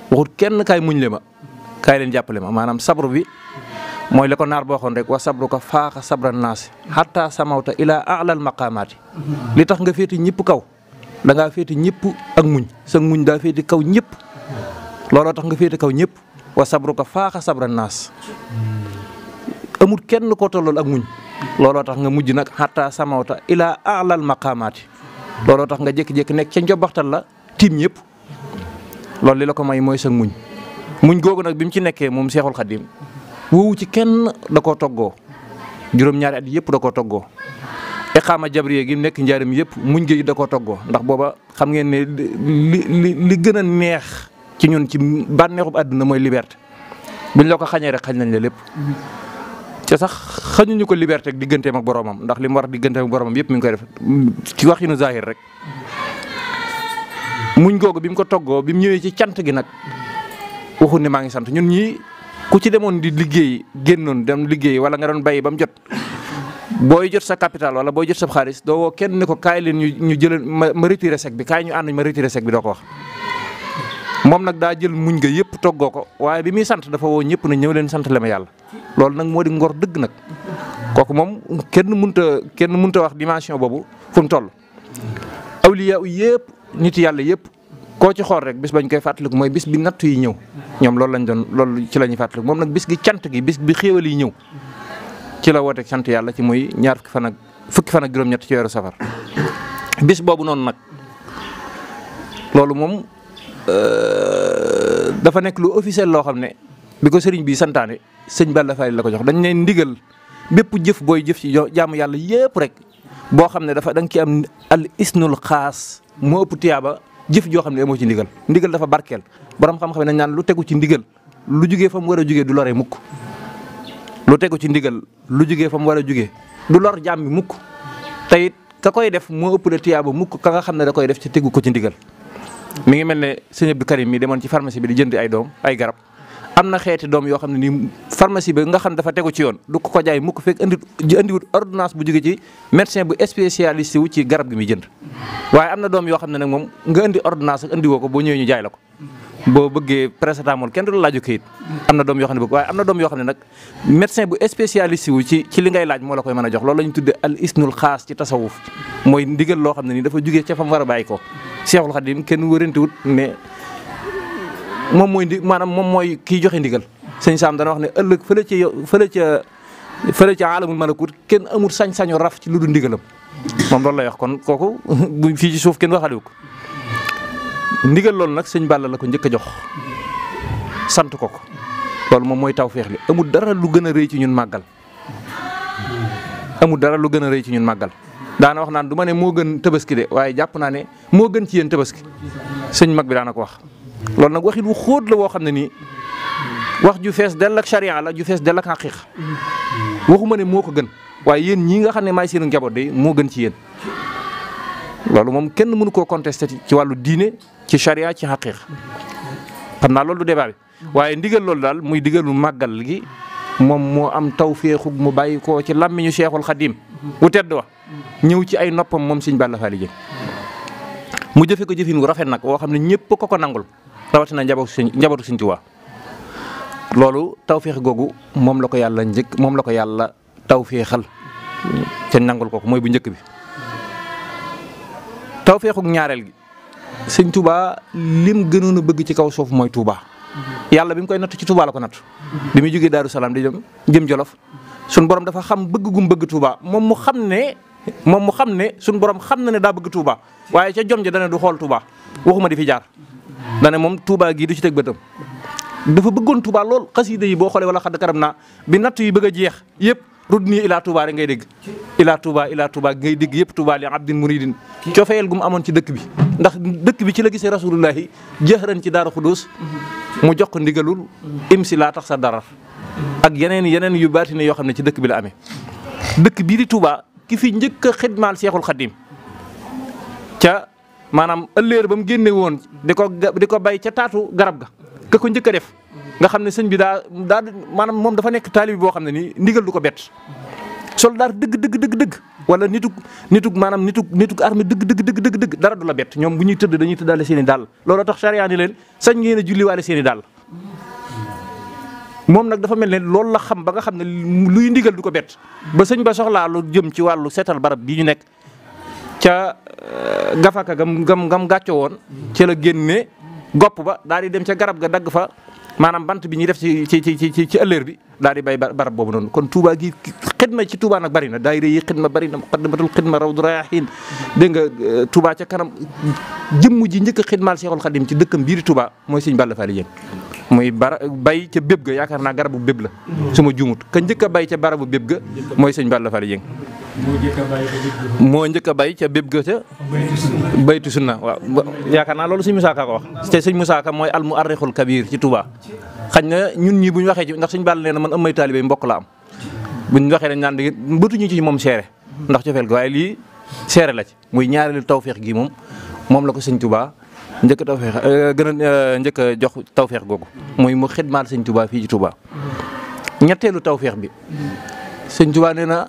Speaker 2: waxut kenn kaay muñ le ma kaay leen jàppale maanaam sabru bi mooy lekko naar boo xoon rek wa sabru ko faaxa sabra naas xataa samawta ilaa alal maqaamaati li tax nga féeti ñëpp kaw danga ngaa féeti ñëpp ak muñ sa muñ daa féeti kaw ñëpp looloo tax nga féeti kaw ñëpp wa sabru ko faaxa sabra naas amul kenn ko tolol ak muñ lolo tax nga mujj nak hatta samawta a'la alal maqamat lolo tax nga jek jek nek ci njobaxtal la tim ñep loolu li la ko may moy sa muñ muñ googu nak bimu mu ci nekkee moom seexul xadim woowu ci kenn da koo toggoo juróom-ñaari at yep da koo toggoo iqaama jabriya gi nek njaaram yep muñ gi da koo toggoo ndax boba xam ngeen ne li li li neex ci ñun ci banexu aduna moy liberté buñ la ko rek xagn nañ la lepp ci sax xañuñu ko liberté ak digganteem ak boromam ndax lim war digënté mak boromam yépp mi ngi koy def ci waxinu zahir rek muñ gogo bi ko toggo bi ñëwé ci cant gi nak waxu ne ma ngi sant ñun ñi ku ci demone di liggéey gennon dem liggéey wala nga don bay bam jot boy jot sa capital wala boy jot sa xaalis do wo kenn ne ko kay leen ñu ñu ma retirer retiré sec bi kay ñu and ma retirer sec bi do ko wax. mom nak da jël muñ nga yépp toggo ko waye bi mi sant dafa wo ñëpp na ñëw leen sant lema yalla lol nang modi ngor deug nag kooku mom kenn munta kenn munta wax dimension bobu fu toll. awliya yëpp nit yalla yëpp ko ci xor rek bis bañ koy fatlik moy bis bi natt yi ñew ñom lol lañ don lol ci lañu fatlik mom nak bis gi cant gi bis bi xewal yi ñew ci la wote sant yalla ci moy ñaar fuk fan ak fukki fan ak ci yoru safar bis non nak lolou mom euh dafa nek lu officiel lo xamne bi ko sëriñ bi santaane sëñ Balla Faye la ko jox dañ ne ndigal bépp jëf booy jëf ci jaamu yàlla yépp rek boo xam ne dafa da nga ci am al isnul xaas moo ëpp tiyaaba jëf joo xam ne amoo ci ndigal ndigal dafa barkeel borom xam-xam nañ naan lu tegu ci ndigal lu jugee fa mu war a jugee du lore mukk lu tegu ci ndigal lu jugee fa war a jugee du lor jaam mukk te koy def moo ëpp la tiyaaba mukk ka nga xam ne da koy def ci tegu ko ci ndigal mu ngi mel ne sëñ Abdou Karim mi demoon ci pharmacie bi di jënd ay doom ay garab am na xeeti doom yoo xam ne nii pharmacie bi nga xam dafa tegu ci yoon du ko ko jaay mukk fekk indiwut ordonnance bu jóge ci médecin bu spécialiste wu ci garab gi muy jënd waaye am na doom yoo xam ne nag moom nga indi ordonnance ak ko boo ñëwee jaay la ko boo bëggee paracetamol kenn du la laaju doom yoo xam ne am na doom yoo xam ne nag médecin bu spécialiste wu li ngay laaj moo la koy mën a jox loolu la ñu tudde al isnul xaas ci tasawuf mooy ndigal loo xam ne nii dafa jugee ca fam war a bàyyi ko Seexul Xadim kenn wërante moom mooy di maanaam moom mooy kii joxe ndigal sëñ Saam dana wax ne ëllëg fële ca fële ca fële ca alamul malakut kenn amul sañ-sañu raf ci lu dul ndigalam moom loolu la wax kon kooku (laughs) fii ci suuf kenn waxaale ko ndigal loolu nag sëñ Balla la ko njëkk a jox sant ko ko loolu moom mooy taw feex bi amul dara lu gën a rëy ci ñun màggal amul dara lu gën a rëy ci ñun màggal daana wax naan du ma ne moo gën tabaski de waaye jàpp naa ne moo gën ci yéen tabaski sëñ mag bi daana ko wax. loolu nag waxin wu xóot la woo xam ne nii wax ju fees dell ak charia la ju fees dell ak xaqiq waxuma ne moo ko gën waaye yéen ñii nga xam ne maay seen njaboot de moo gën ci yéen loolu moom kenn mënu koo contesté ci wàllu diine ci charia ci xaqiq xam naa loolu du débat waaye ndigal loolu daal muy digalu màggal gi moom moo am tawféexug mu bàyyi koo ci làmmiñu Cheikhul Xadim wu tedd wa ñëw ci ay noppam moom Sëñ Balla Fally Dieng mu jëfe ko jëfin wu rafet nag woo xam ne ñëpp ko ko nangul rawatina njabootu sëñ njabootu sëñ Tuubaa loolu tawféex googu moom la ko yàlla njëkk moom la ko yàlla tawféexal ca nangul ko ko mooy bu njëkk bi. tawféexu ñaareel gi sëñ Tuubaa lim gënoon a bëgg ci kaw soofu mooy Tuubaa yàlla bi mu koy natt ci Tuubaa la ko natt. bi muy jógee Daaru Salaam di jëm jëm Jolof sunu borom dafa xam bëgg gum bëgg Tuubaa moom mu xam ne moom mu xam ne suñu borom xam na ne daa bëgg Touba waaye ca jom ja dana du xool Touba waxuma di fi jaar dane moom Touba gii du ci teg bëtam dafa bëggoon Touba lool xasida yi boo xoolee wala xadd karam na bi natt yi bëgg a jeex yëpp rud nii ilaa Touba rek ngay dégg ilaa Touba ilaa Touba ngay dégg yëpp Touba li abdin muridin coofeel gu mu amoon ci dëkk bi ndax dëkk bi ci la gisee rasulullahi jëxëran ci daara xudóos mu jox ko ndigalul imsi laa tax sa darar ak yeneen yeneen yu baati ne yoo xam ne ci dëkk bi la amee bii di Touba ki fi njëkk a xidmaal seexul xadim ca maanaam ëllëer ba mu génne woon di ko di ko bay ca taatu garab ga ka ko njëkk def nga xam ne sëñ bi daa daa maanaam moom dafa nekk taalibi boo xam ne nii ndigal du ko bett soldat dëgg dëgg dëgg dëgg wala nitug nitug maanaam nitug nitug armée dëgg dëgg dëgg dëgg dara du la bett ñoom bu ñuy tëdd dañuy tëddaale seen i dàll looloo tax charia leen sañ ngeen a julliwaale seen i mom nak dafa mel lool baga la xam ba nga xam ne luy ndigal duko bet ba señ ba soxla lu jëm ci walu setal barab bi ñu nek ca euh, gafaka gam gam gam gatcho won ci la genné gop ba daal dem ca garab ga dag fa manam bant bi ñi def ci ci ci ci ci ëleur bi daal di bay barab bobu non kon Touba gi xidma ci Touba nak bari na daayira yi xidma bari na muqaddamatul khidma rawd rayahin de nga euh, Touba ca kanam jëm ji ñëk xidmal cheikhul khadim ci dëkkam biir Touba moy señ Balla fali yeen muy bara bay ca béb ga yaakaar naa garabu béb la suma ma ka njëkk a bay ca barabu béb ga mooy sëñ Balla fa Dieng moo njëkk bay ca béb ga ca baytu na waaw yaakaar naa loolu sëñ Moussa Ka ko wax te sëñ Moussa mooy al mu arrixul kabir ci tubaa xañ na ñun ñii bu ñu waxee ci ndax sëñ Balla nee na man am may taalibe mbokk la am bu ñu waxee dañ naan di bëtuñu ci moom seere ndax cofeel ga waaye lii seere la ci muy ñaareelu tawfeex gi moom moom la ko sëñ Touba njëkk tawfeex euh, gën euh, njëkk a jox tawfeex googu mooy mu xidmaal sëñ Touba fii ci Touba ñetteelu tawfeex bi sëñ Touba nee na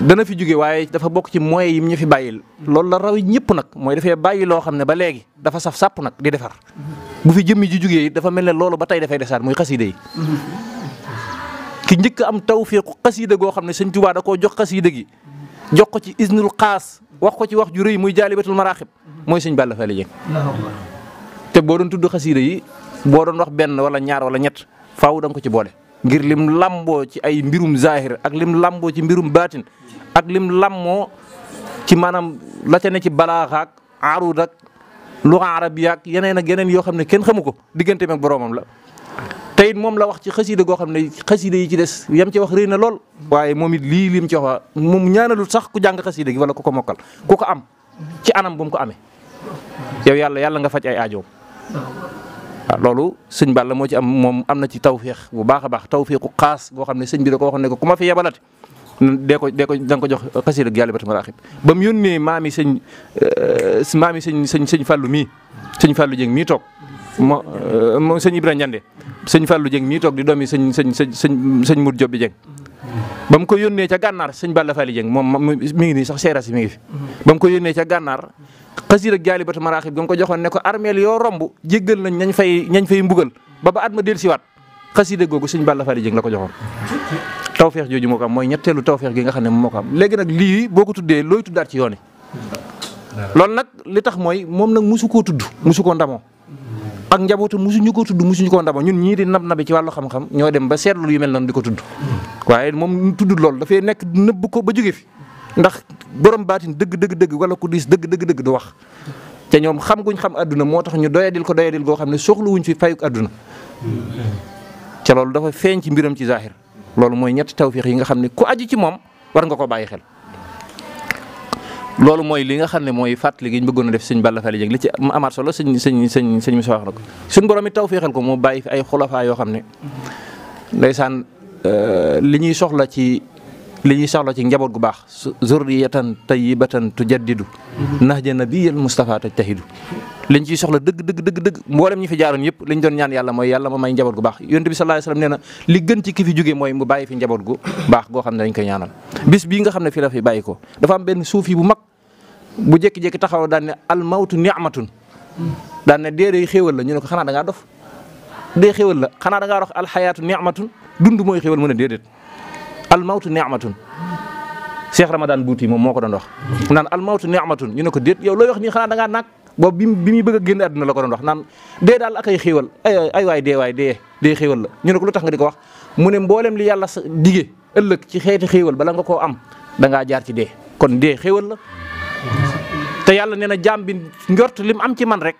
Speaker 2: dana fi jóge waaye dafa bokk ci moyens yi mu ñu fi bàyyil loolu la raw ñëpp nag mooy dafay bàyyi loo xam ne ba léegi dafa saf sàpp nag di defar bu fi jëmmi ji jógee dafa mel ne loolu ba tey dafay desaat mooy xasida yi ki njëkk am tawfeexu xasida goo xam ne sëñ Touba da koo jox xasida gi jox ko ci isnul xaas wax ko ci wax ju yi muy jaalibatul maraaxib mooy sëñ Balla Fally Dieng te boo doon tudd xasiida yi boo doon wax benn wala ñaar wala ñett faaw da nga ko ci boole ngir lim lamboo ci ay mbirum zahir ak lim lamboo ci mbirum baatin ak lim lammoo ci maanaam la ca ne ci balaaxaak aruud lu luxa arab yaak yeneen ak yeneen yoo xam ne kenn xamu ko diggante ak boromam la te it moom la wax ci xasida goo xam ne xasida yi ci des yam ci wax rëy lool waaye moom it lii lim ci wax moom ñaanalul sax ku jàng xasida gi wala ko ko mokkal ko ko am ci anam bu ko amee yow yàlla yàlla nga faj ay aajoom loolu sëñ Balla moo ci am moom am na ci tawféex bu baax a baax tawféexu xaas goo xam ne sëñ bi da ko waxoon ne ko ku ma fi yebalate ko dee ko da nga ko jox xasida gi yàlla batum raxib ba mu yónnee maami sëñ euh, maami sëñ sëñ sëñ Fallou mii sëñ Fallou Dieng mii toog mo euh, moom sëñ Ibra Ñande sëñ fallu Dieng mii toog di doomi sëñ sëñ sëñ sëñ Mut Jobbi Dieng ba mu ko yónnee ca gànnaar sëñ Balla Fally Dieng moom mi ngi nii sax seera si mi ngi fi ba mu ko yónnee ca gànnaar xasir ak jaalibatu maraaxib ga mu ko joxoon ne ko armeel yoo romb jéggal nañ ñañ fay ñañ fay mbugal ba ba at ma del siwaat xasida googu sëñ Balla Fally Dieng la ko joxoon tawfeex jooju moo ko am mooy ñetteelu tawfeex gi nga xam ne moo ko léegi nag lii boo ko tuddee looy tuddaat nag li tax mooy moom nag musu koo tudd musu koo ndamoo ak njabootu mosuñu ko tudd mosuñu koo ndaba ñun ñii di nab nabi ci wàllu xam-xam ñoo dem ba seetlu yu mel noonu di ko tudd waaye moom tudd loolu dafay nekk nëbb ko ba jóge fi ndax borom baatin dëgg dëgg dëgg wala ku diis dëgg dëgg dëgg du wax te ñoom xam guñ xam àdduna moo tax ñu doyadil ko doyadil goo xam ne soxluwuñ fi fayuk àdduna ca loolu dafa feeñ ci mbiram ci zahir loolu mooy ñetti tawfiix yi nga xam ne ku aju ci moom war nga ko bàyyi xel loolu mooy li nga xam ne mooy fàttali gi ñu bëggoon def sëñ Balla Fally Dieng li ci amaat solo sëñ sëñ sëñ sëñ Moussa wax na ko suñ taw it tawféexal ko mu bàyyi fi ay xulafaa yoo xam ne ndeysaan euh, li ñuy soxla ci li ñuy soxla ci njaboot gu baax zurriyatan tayyibatan tujaddidu nahja nabiyil Mustafa tajtahidu liñ ciy soxla dëgg dëgg dëgg dëgg mboolem ñi fi jaaroon yëpp liñ doon ñaan yàlla mooy yàlla ma may njaboot gu baax yonent bi sallallahu ne dañ koy ñaanal bis ne la ko dafa am benn suufi bu mag bu jékki-jékki taxaw al mawtu ni'matun daan ne dee day xéewal la ne da la da wax a déedéet al mawtu ni'matun Cheikh Ramadan Bouti moo ko doon wax naan nii xanaa da naag boobu bi bi muy bëgg a génn la ko doon wax naan dee daal ak ay xéewal ay ay waay dee waay dee dee la ñu ne ko lu tax nga di ko wax mu ne mboolem li yàlla sa dige ëllëg ci xeeti xéewal bala nga koo am da jaar ci dee kon dee xéewal la te yàlla nee na jaam bi njort lim am ci man rek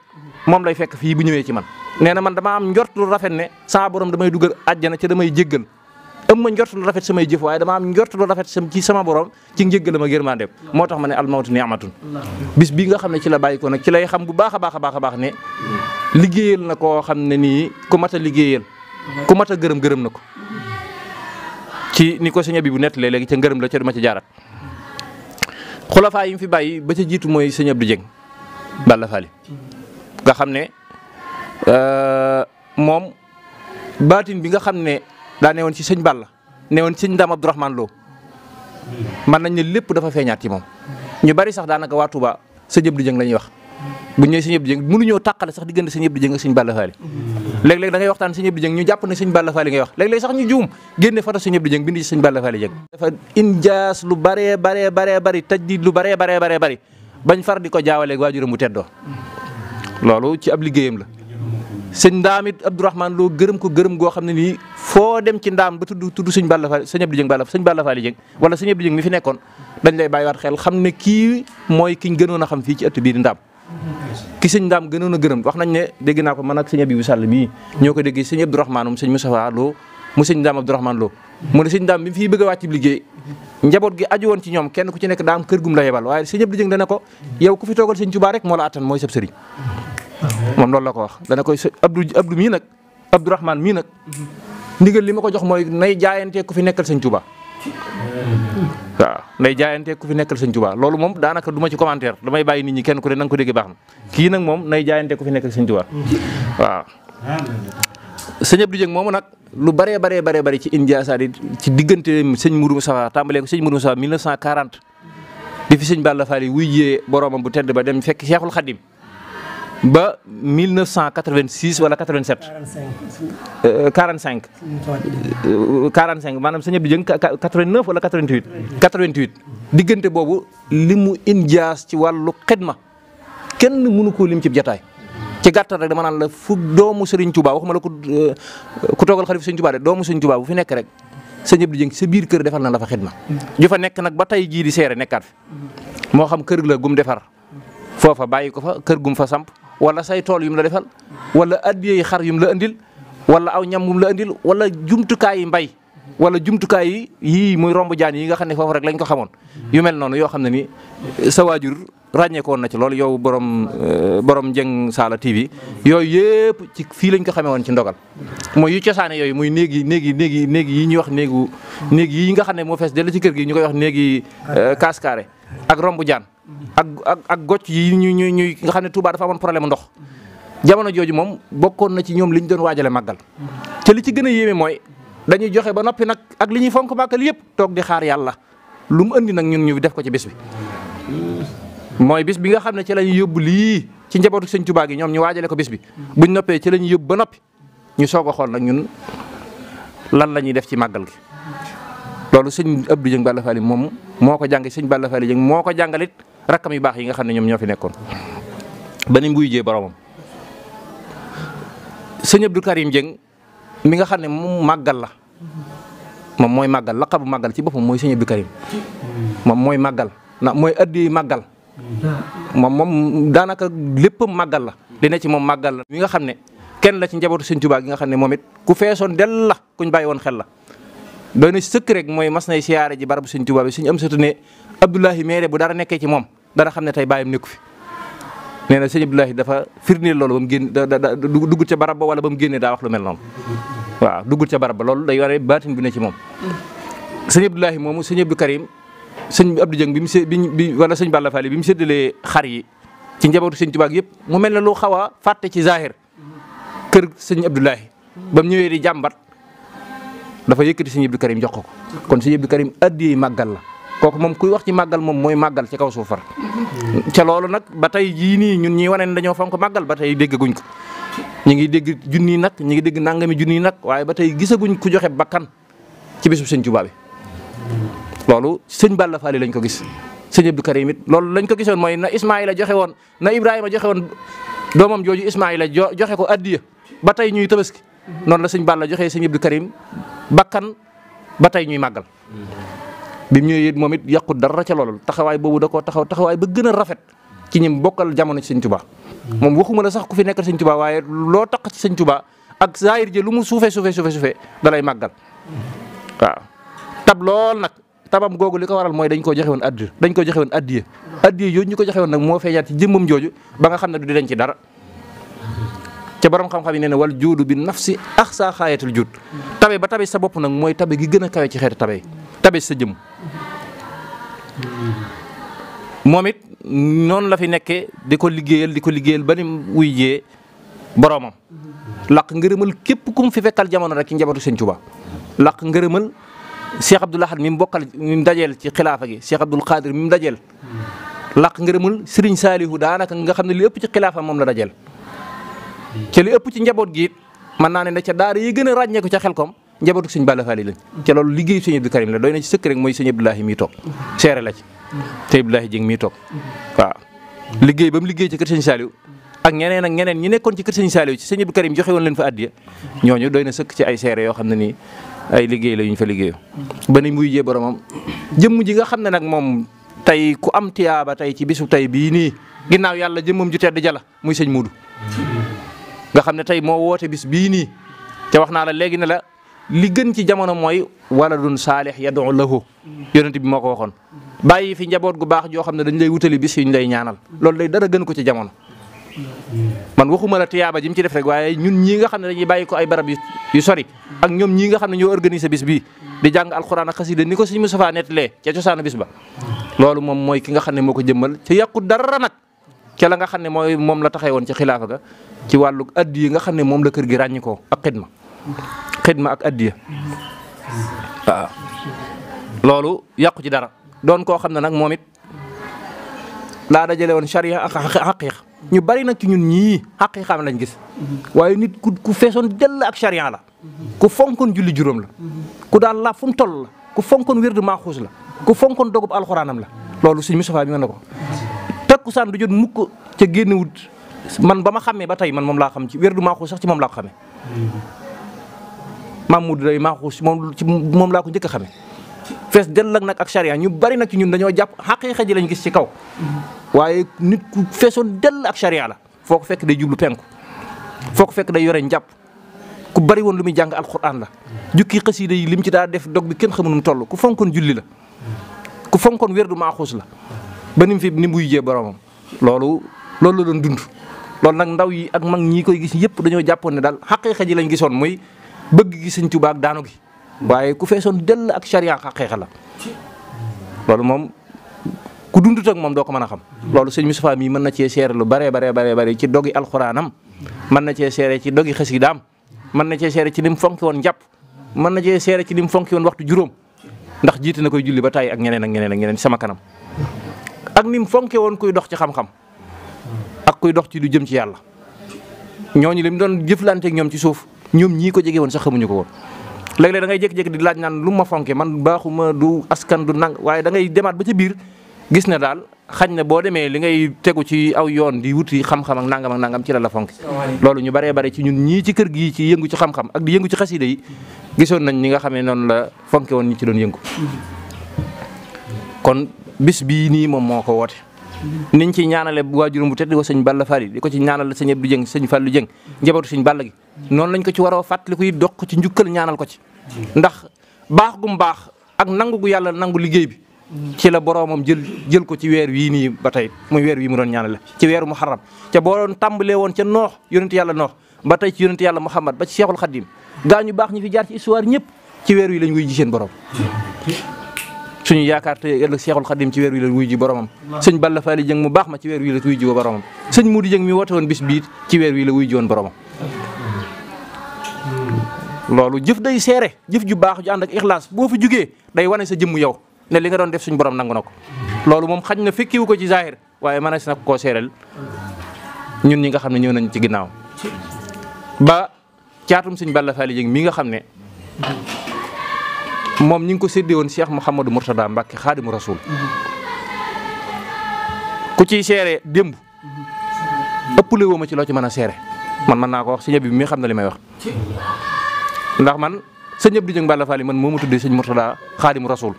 Speaker 2: moom lay fekk fii bu ñëwee ci man nee na man dama am njort lu rafet ne saa borom damay dugal àjjana ca damay jéggal amma njort lu rafet sama jëf waye dama am njort lu rafet ci sama borom ci njëggalam gër ma moo motax mané ne almawtu ni'matun bis bi nga xamné ci la bayiko nak ci lay xam bu baaxa baaxa baaxa baax a ne liggéeyal ku mata liggéeyal ku mata gërëm gërëm nako ci ni ko sëñ Abibu nettalee légui ci ngërëm la ci duma ci jaarat khulafa yi fi bayyi ba ci jitu moy sëñ Abdou djeng Balla fali nga xamné ne euh, mom, batin bi nga xamné da newon ci seigne Balla newon ci sëñ abdourahman Lo man nañ ne lepp dafa feeñaat ci moom ñu bari sax naka wa Touba sëñ Abdou Dieng la ñuy wax bu ñëwee seigne Abdou mënu mënuñoo takal sax digënd seigne Abdou Dieng ak sëñ Balla Faali leg leg da ngay waxtaan sëñ Abdou Dieng ñu japp ne seigne Balla Faali ngay wax leg leg sax ñu juum génne photo sëñ Abdou Dieng bind ci sëñ Balla Faali Dieng dafa injas lu bare bare bare bari tajdid lu bare bare bare bari bañ far di jaawale ak wajuru mu teddo lolu ci ab liggéeyam la sëñ ndaam it Abdourahmane loo gërëm ko gërëm goo xam ne nii foo dem ci ndaam ba tudd tudd sëñ Balla Fall sëñ Abdou Dieng Balla sëñ Balla Fall Dieng wala sëñ Abdou Dieng mi fi nekkoon dañ lay bàyyiwaat xel xam ne kii mooy kiñ gënoon a xam fii ci ëtt bii di ndaam ki sëñ gënoon a gërëm wax nañ ne dégg naa ko man ak sëñ Abibou Sall mii ñoo ko dégg sëñ Abdourahmane um sëñ Moustapha Lo mu sëñ ndaam Abdourahmane Lo mu ne sëñ ndaam bi mu fii bëgg a wàcc liggéey njaboot gi aju woon ci ñoom kenn ku ci nekk daa am kër gum la yebal waaye sëñ Abdou Dieng dana ko yow ku fi toogal sëñ rek moo la attan mooy sab mom loolu la ko wax dana koy Abdou Abdou nak abdou rahman mi nak ndigal lima ko jox moy nay jaayante ku fi nekkal seigne touba wa nay jaayante ku fi nekkal seigne touba lolou mom danaka duma ci commentaire damay bayyi nit ñi kenn ku ne nang ko déggee baxna ki nak mom nay jaayante ku fi nekkal seigne touba wa seigne Abdou Dieng mom nak lu bare bare bare bare ci sa di ci digeunte seigne Mourou Moustapha tambale ko seigne Mourou Moustapha 1940 di fi seigne Balla Fall yi boromam bu tedd ba dem fekk Cheikhul Khadim ba 1986 wala 87. 45. 45. 45 maanaam sëñ bi jëng 89 wala 88. 88 diggante boobu li mu injaas ci wàllu xidma kenn mënu koo lim ci jataay ci gàttal rek dama naan la fu doomu Serigne Touba waxuma la ku euh, ku toogal xalifa Serigne Touba de doomu Serigne Touba bu fi nekk rek sëñ bi jëng sa biir kër defal na la fa xidma ju fa nekk nag ba tey jii di seere nekkaat fi moo xam kër la gum defar foofa bàyyi ko fa kër gum fa samp. wala say tool yum la defal wala addiyey xar yum la andil wala aw ñam mum la andil wala jumtukaay yi mbay wala jumtukaay yi yii muy romb jaan yi nga xam ne foofu rek lañ ko xamoon yu mel noonu yoo xam ne ni sa waajur ràññeekoon na ci loolu yow borom euh, borom Dieng Saala TV yooyu yëpp ci fii lañ ko xamee woon ci ndogal mooy yu cosaane yooyu muy néeg yi néeg yi néeg yi néeg yi ñuy wax néegu néeg yi nga xam ne moo fees dellu ci kër gi ñu koy wax néegi kaas euh, ak romb jaan ak ak ak gocc yi ñu ñu ñuy nga xam ne Touba dafa amoon problème ndox jamono jooju moom bokkoon na ci ñoom li doon waajale màggal te li ci gën a yéeme mooy dañuy joxe ba noppi nag ak li ñuy fonk màggal yëpp toog di xaar yàlla lu mu andi nag ñun ñu def ko ci bis bi mooy bis bi nga xam ne ci lañu yóbbu lii ci njabootu sëñ Touba gi ñoom ñu waajale ko bis bi buñ noppee ci la ñu yóbbu ba noppi ñu soog a xool nag ñun lan la def ci màggal gi loolu sëñ Abdou Dieng Balla Fally moom moo ko jàng sëñ Balla Fally Dieng moo ko jàngalit rakkam yu baax yi nga xam ne ñoom ñoo fi nekkoon ba ni mu wuyjee boromam sëñ Abdou Karim Dieng mi nga xam ne moom màggal la moom mooy màggal laqabu màggal ci boppam mooy sëñ Abdou Karim moom mooy màggal na mooy addi màggal moom moom daanaka léppam màggal la li ne ci moom màggal la mi nga xam ne kenn la ci njabootu sëñ Tuubaa gi nga xam ne moom it ku feesoon del la kuñ bàyyi woon xel la doy na sëkk rek mooy mas nay siyaare ji barabu sëñ Tuubaa bi suñu am satu ne Abdoulahi Méré bu dara nekkee ci moom dara xamne tay bayam neeku fi neena na sëñ dafa firndeel lolou bam genn génn da da duggul barab ba wala bam mu da wax lu mel non wa duggul ci barab ba lolou day waree baatin bi ne ci mom seigne Abdoulahi momu seigne Abdou Karim seigne Abdou jeng bi mu bi wala seigne Balla fali bi mu séddalee xar yi ci njabootu sëñ Tuubaa yépp mu mel lu xawa faté ci zahir kër seigne Abdoulahi bam ñëwé di jambat dafa yëkëti seigne Abdou Karim jox ko kon seigne Abdou Karim addi magal la kooku moom kuy wax ci màggal moom mooy màggal ci kaw suufar ca loolu nag ba tey jii nii ñun ñi wane ne dañoo fonk màggal ba tey déggaguñ ko ñu ngi dégg junni nag ñu ngi dégg nangami junni nag waaye ba tey gisaguñ ko joxe bakkan ci bisu sëñ Tuubaa loolu sëñ Balla Faali lañ ko gis sëñ Abdou Karim it loolu lañ ko gisoon mooy na Ismaayila joxe woon na Ibrahima joxe woon doomam jooju Ismaayila joxe ko addiya ba tey ñuy tabaski noonu la sëñ bal joxe sëñ Abdou Karim bakkan ba tey ñuy màggal bi mu ñëwee moom it yàqu dara ca loolu taxawaay boobu da koo taxaw taxawaay ba gën a rafet ci ñim bokkal jamono ci sëñ moom waxuma la sax ku fi nekkal sëñ Tuubaa waaye loo taq ci sëñ Tuubaa ak zaahir ji lu mu suufee suufee suufee suufee da lay màggal waaw tab lool nag tabam googu li ko waral mooy dañ koo joxe woon addi dañ ko joxe woon addiye addiye yooyu ñu ko joxe nag moo feeñaat ci jëmmam jooju ba nga xam ne du dinañ ci dara ca borom xam-xam yi nee na wal juudu bi nafsi ax saa xaayatul juud tabe ba tabe sa bopp nag mooy tabe gi gën a kawe ci xeetu tabe tabe sa jëm moom it noonu la fi nekkee di ko liggéeyal di ko liggéeyal ba ni wuy jee boroomam laq ngërëmal képp ku mu fi fekkal jamono rek ci njabootu Sëñ Tuubaa laq ngërëmal Cheikh Abdoul Ahad mi bokkal mi mu dajeel ci xilaafa gi Cheikh Abdoul Khadir mi mu nga laq ngërëmal Serigne Salihu daanaka nga xam ne li ëpp ci xilaafa moom la dajeel. ca li ëpp ci njaboot gi it mën naa ne ca daara yi gën a ràññeeku ca xelkom njabootu sëñ Balla Faali lañ ca loolu liggéey sëñ Abdou Karim la doy liggéey ba mu liggéey ci kër sëñ Saaliw a ñeneen ak ñeneen ñi nekkoon ci kër sëñ Saaliw ci sëñ Abdou Karim joxe woon leen fa addiya ñooñu doy na sëkk ci ay seere yoo xam ne ni ay liggéey la ñu fa liggéeyo ba ni muy jee boromam jëmm ji nga xam ne nag moom tey ku am tiyaaba tey ci bisu tey bii nii ginnaaw yàlla jëmmam ju tedd jala muy sëñ Muudu nga xam ne tey moo woote bis bii nii te wax naa la léegi ne la li gën ci jamono mooy waladun saalix la lahu yonent bi moo ko waxoon bàyyi fi njaboot gu baax joo xam ne dañu lay wutali bis yuñ lay ñaanal loolu day dara gën ko ci jamono man waxuma la tiyaaba ji mu ci def rek waaye ñun ñii nga xam ne dañuy bàyyi ko ay barab yu sori ak ñoom ñii nga xam ne ñoo organiser bis bii di jàng alxuraan ak xasida ni ko sëñ Moustapha nettalee ca cosaanu bis ba loolu moom mooy ki nga xam ne moo ko jëmmal ca yàqu dara nag ca la nga xam ne mooy moom la taxee woon ci xilaafa ga ci wàllu addi yi xam ne moom la kër gi ràññi ko ak xidma khidma ak lalu waaw ah. loolu ci dara don ko xamne nak momit la dajale woon ak haqiq ñu bari nak ci ñun ñii xaqiqaam lañ gis waye nit ku ku fesson del ak sharia la ku fonkon julli jurom la ku dal la fum toll la ku la ku fonkon dogub alquranam la lolu mustafa bi ko du jot mukk ci gennewut man bama xamé ba tay man mom la xam ci wérdu maaxuus sax ci mom la xamé Mamoudou Day Makhous mom mom la ko jëk xamé fess del nak nak ak sharia ñu bari nak ci ñun dañoo japp haqiqa ji lañ gis ci kaw waye nit ku fesson del ak sharia la foko fekk day jublu penku foko fekk day yoré japp ku bari won lu muy jang alquran la jukki qasida yi lim ci da def dog bi kenn xamul nu tollu ku fonkon julli la ku fonkon werdu Makhous la ba nim fi nimuy jé boromam lolu lolu la doon dund lolu nak ndaw yi ak mag ñi koy gis yépp dañoo jappone dal haqiqa ji lañ gisoon muy bëgg gi señ tuba ak daanu gi waye ku fesson del ak sharia ak xeex la mom moom ku dundut ak mom do ko mëna xam loolu señ Moustapha mi mëna ci séré lu bare bare bare bare ci dogi alquranam mëna ci séré ci dogi khassidam mëna ci séré ci lim fonki won japp mëna ci séré ci lim fonki won waxtu juróom ndax jité nakoy julli ba tay ak ñeneen ak ñeneen ak ñeneen sama kanam ak nim fonke won kuy dox ci xam-xam ak kuy dox ci du jëm ci yalla ñoñu lim doon ak ñom ci suuf ñoom ñii ko jege woon sax xamuñu ko woon léeg-léeg da ngay jékki di laaj naan lu ma fonke man baaxuma du askan du nang waaye da demaat ba ca biir gis ne daal xañ na boo demee li ngay tegu ci aw yoon di wuti xam-xam ak nangam nangam ci la la fonk loolu ñu baree bare ci ñun ñii ci kër gi ci yëngu ci xam-xam ak di yëngu ci xasida yi gisoon nañ ni nga xamee noonu la fonke woon ñu ci doon yëngu mm-hmm. kon bis bii nii moom moo ko woote niñ ci ñaanale waajurum bu tedd ko sëñ Balla Fari di ko ci ñaanal sëñ Abdou Dieng sëñ Fallou Dieng njabootu sëñ Balla gi noonu lañ ko ci waroo fàttali ko it dox ko ci njukkal ñaanal ko ci ndax baax gum baax ak nangu gu yàlla nangu liggéey bi ci la boroomam jël jël ko ci weer wii nii ba tey muy weer wii mu doon ñaanale ci weeru muharram ca boo doon tàmbalee woon ca noox yonent yàlla noox ba tey ci yonent yàlla Muhammad ba ci Seexul Xaddim gaa ñu baax ñi fi jaar ci ñëpp ci weer wi lañ koy ji seen borom suñu yaakaar tey ëllëg Seexul Xadim ci weer wi la wuy ji boromam sëñ Balla Faali Jëng mu baax ma ci weer wi la wuy ji wa boromam sëñ Muudi Jëng mi woote woon bis ci weer wi la wuy ji woon boromam hmm. loolu jëf day seere jëf ju baax ju ànd ak boo fi jugee day wane sa jëmm yow ne li nga doon def suñ borom nangu na ko hmm. loolu moom xañ na fekkiwu ko ci zaahir waaye mën na si nag koo seereel ñun ñi nga xam ne ñëw nañ ci ginnaaw hmm. ba caatum sëñ Balla Faali nga xam ne mom ñing ko séddee won Cheikh mohammed murtada Mbacke khadim rasoul ku ci séré demb ëppulé woo ma ci lo ci mëna séré man mën ko wax sëñ bi mi xamna limay wax ndax man sëñ di jëng Balla fali man momu tuddé señ murtada khadim rasoul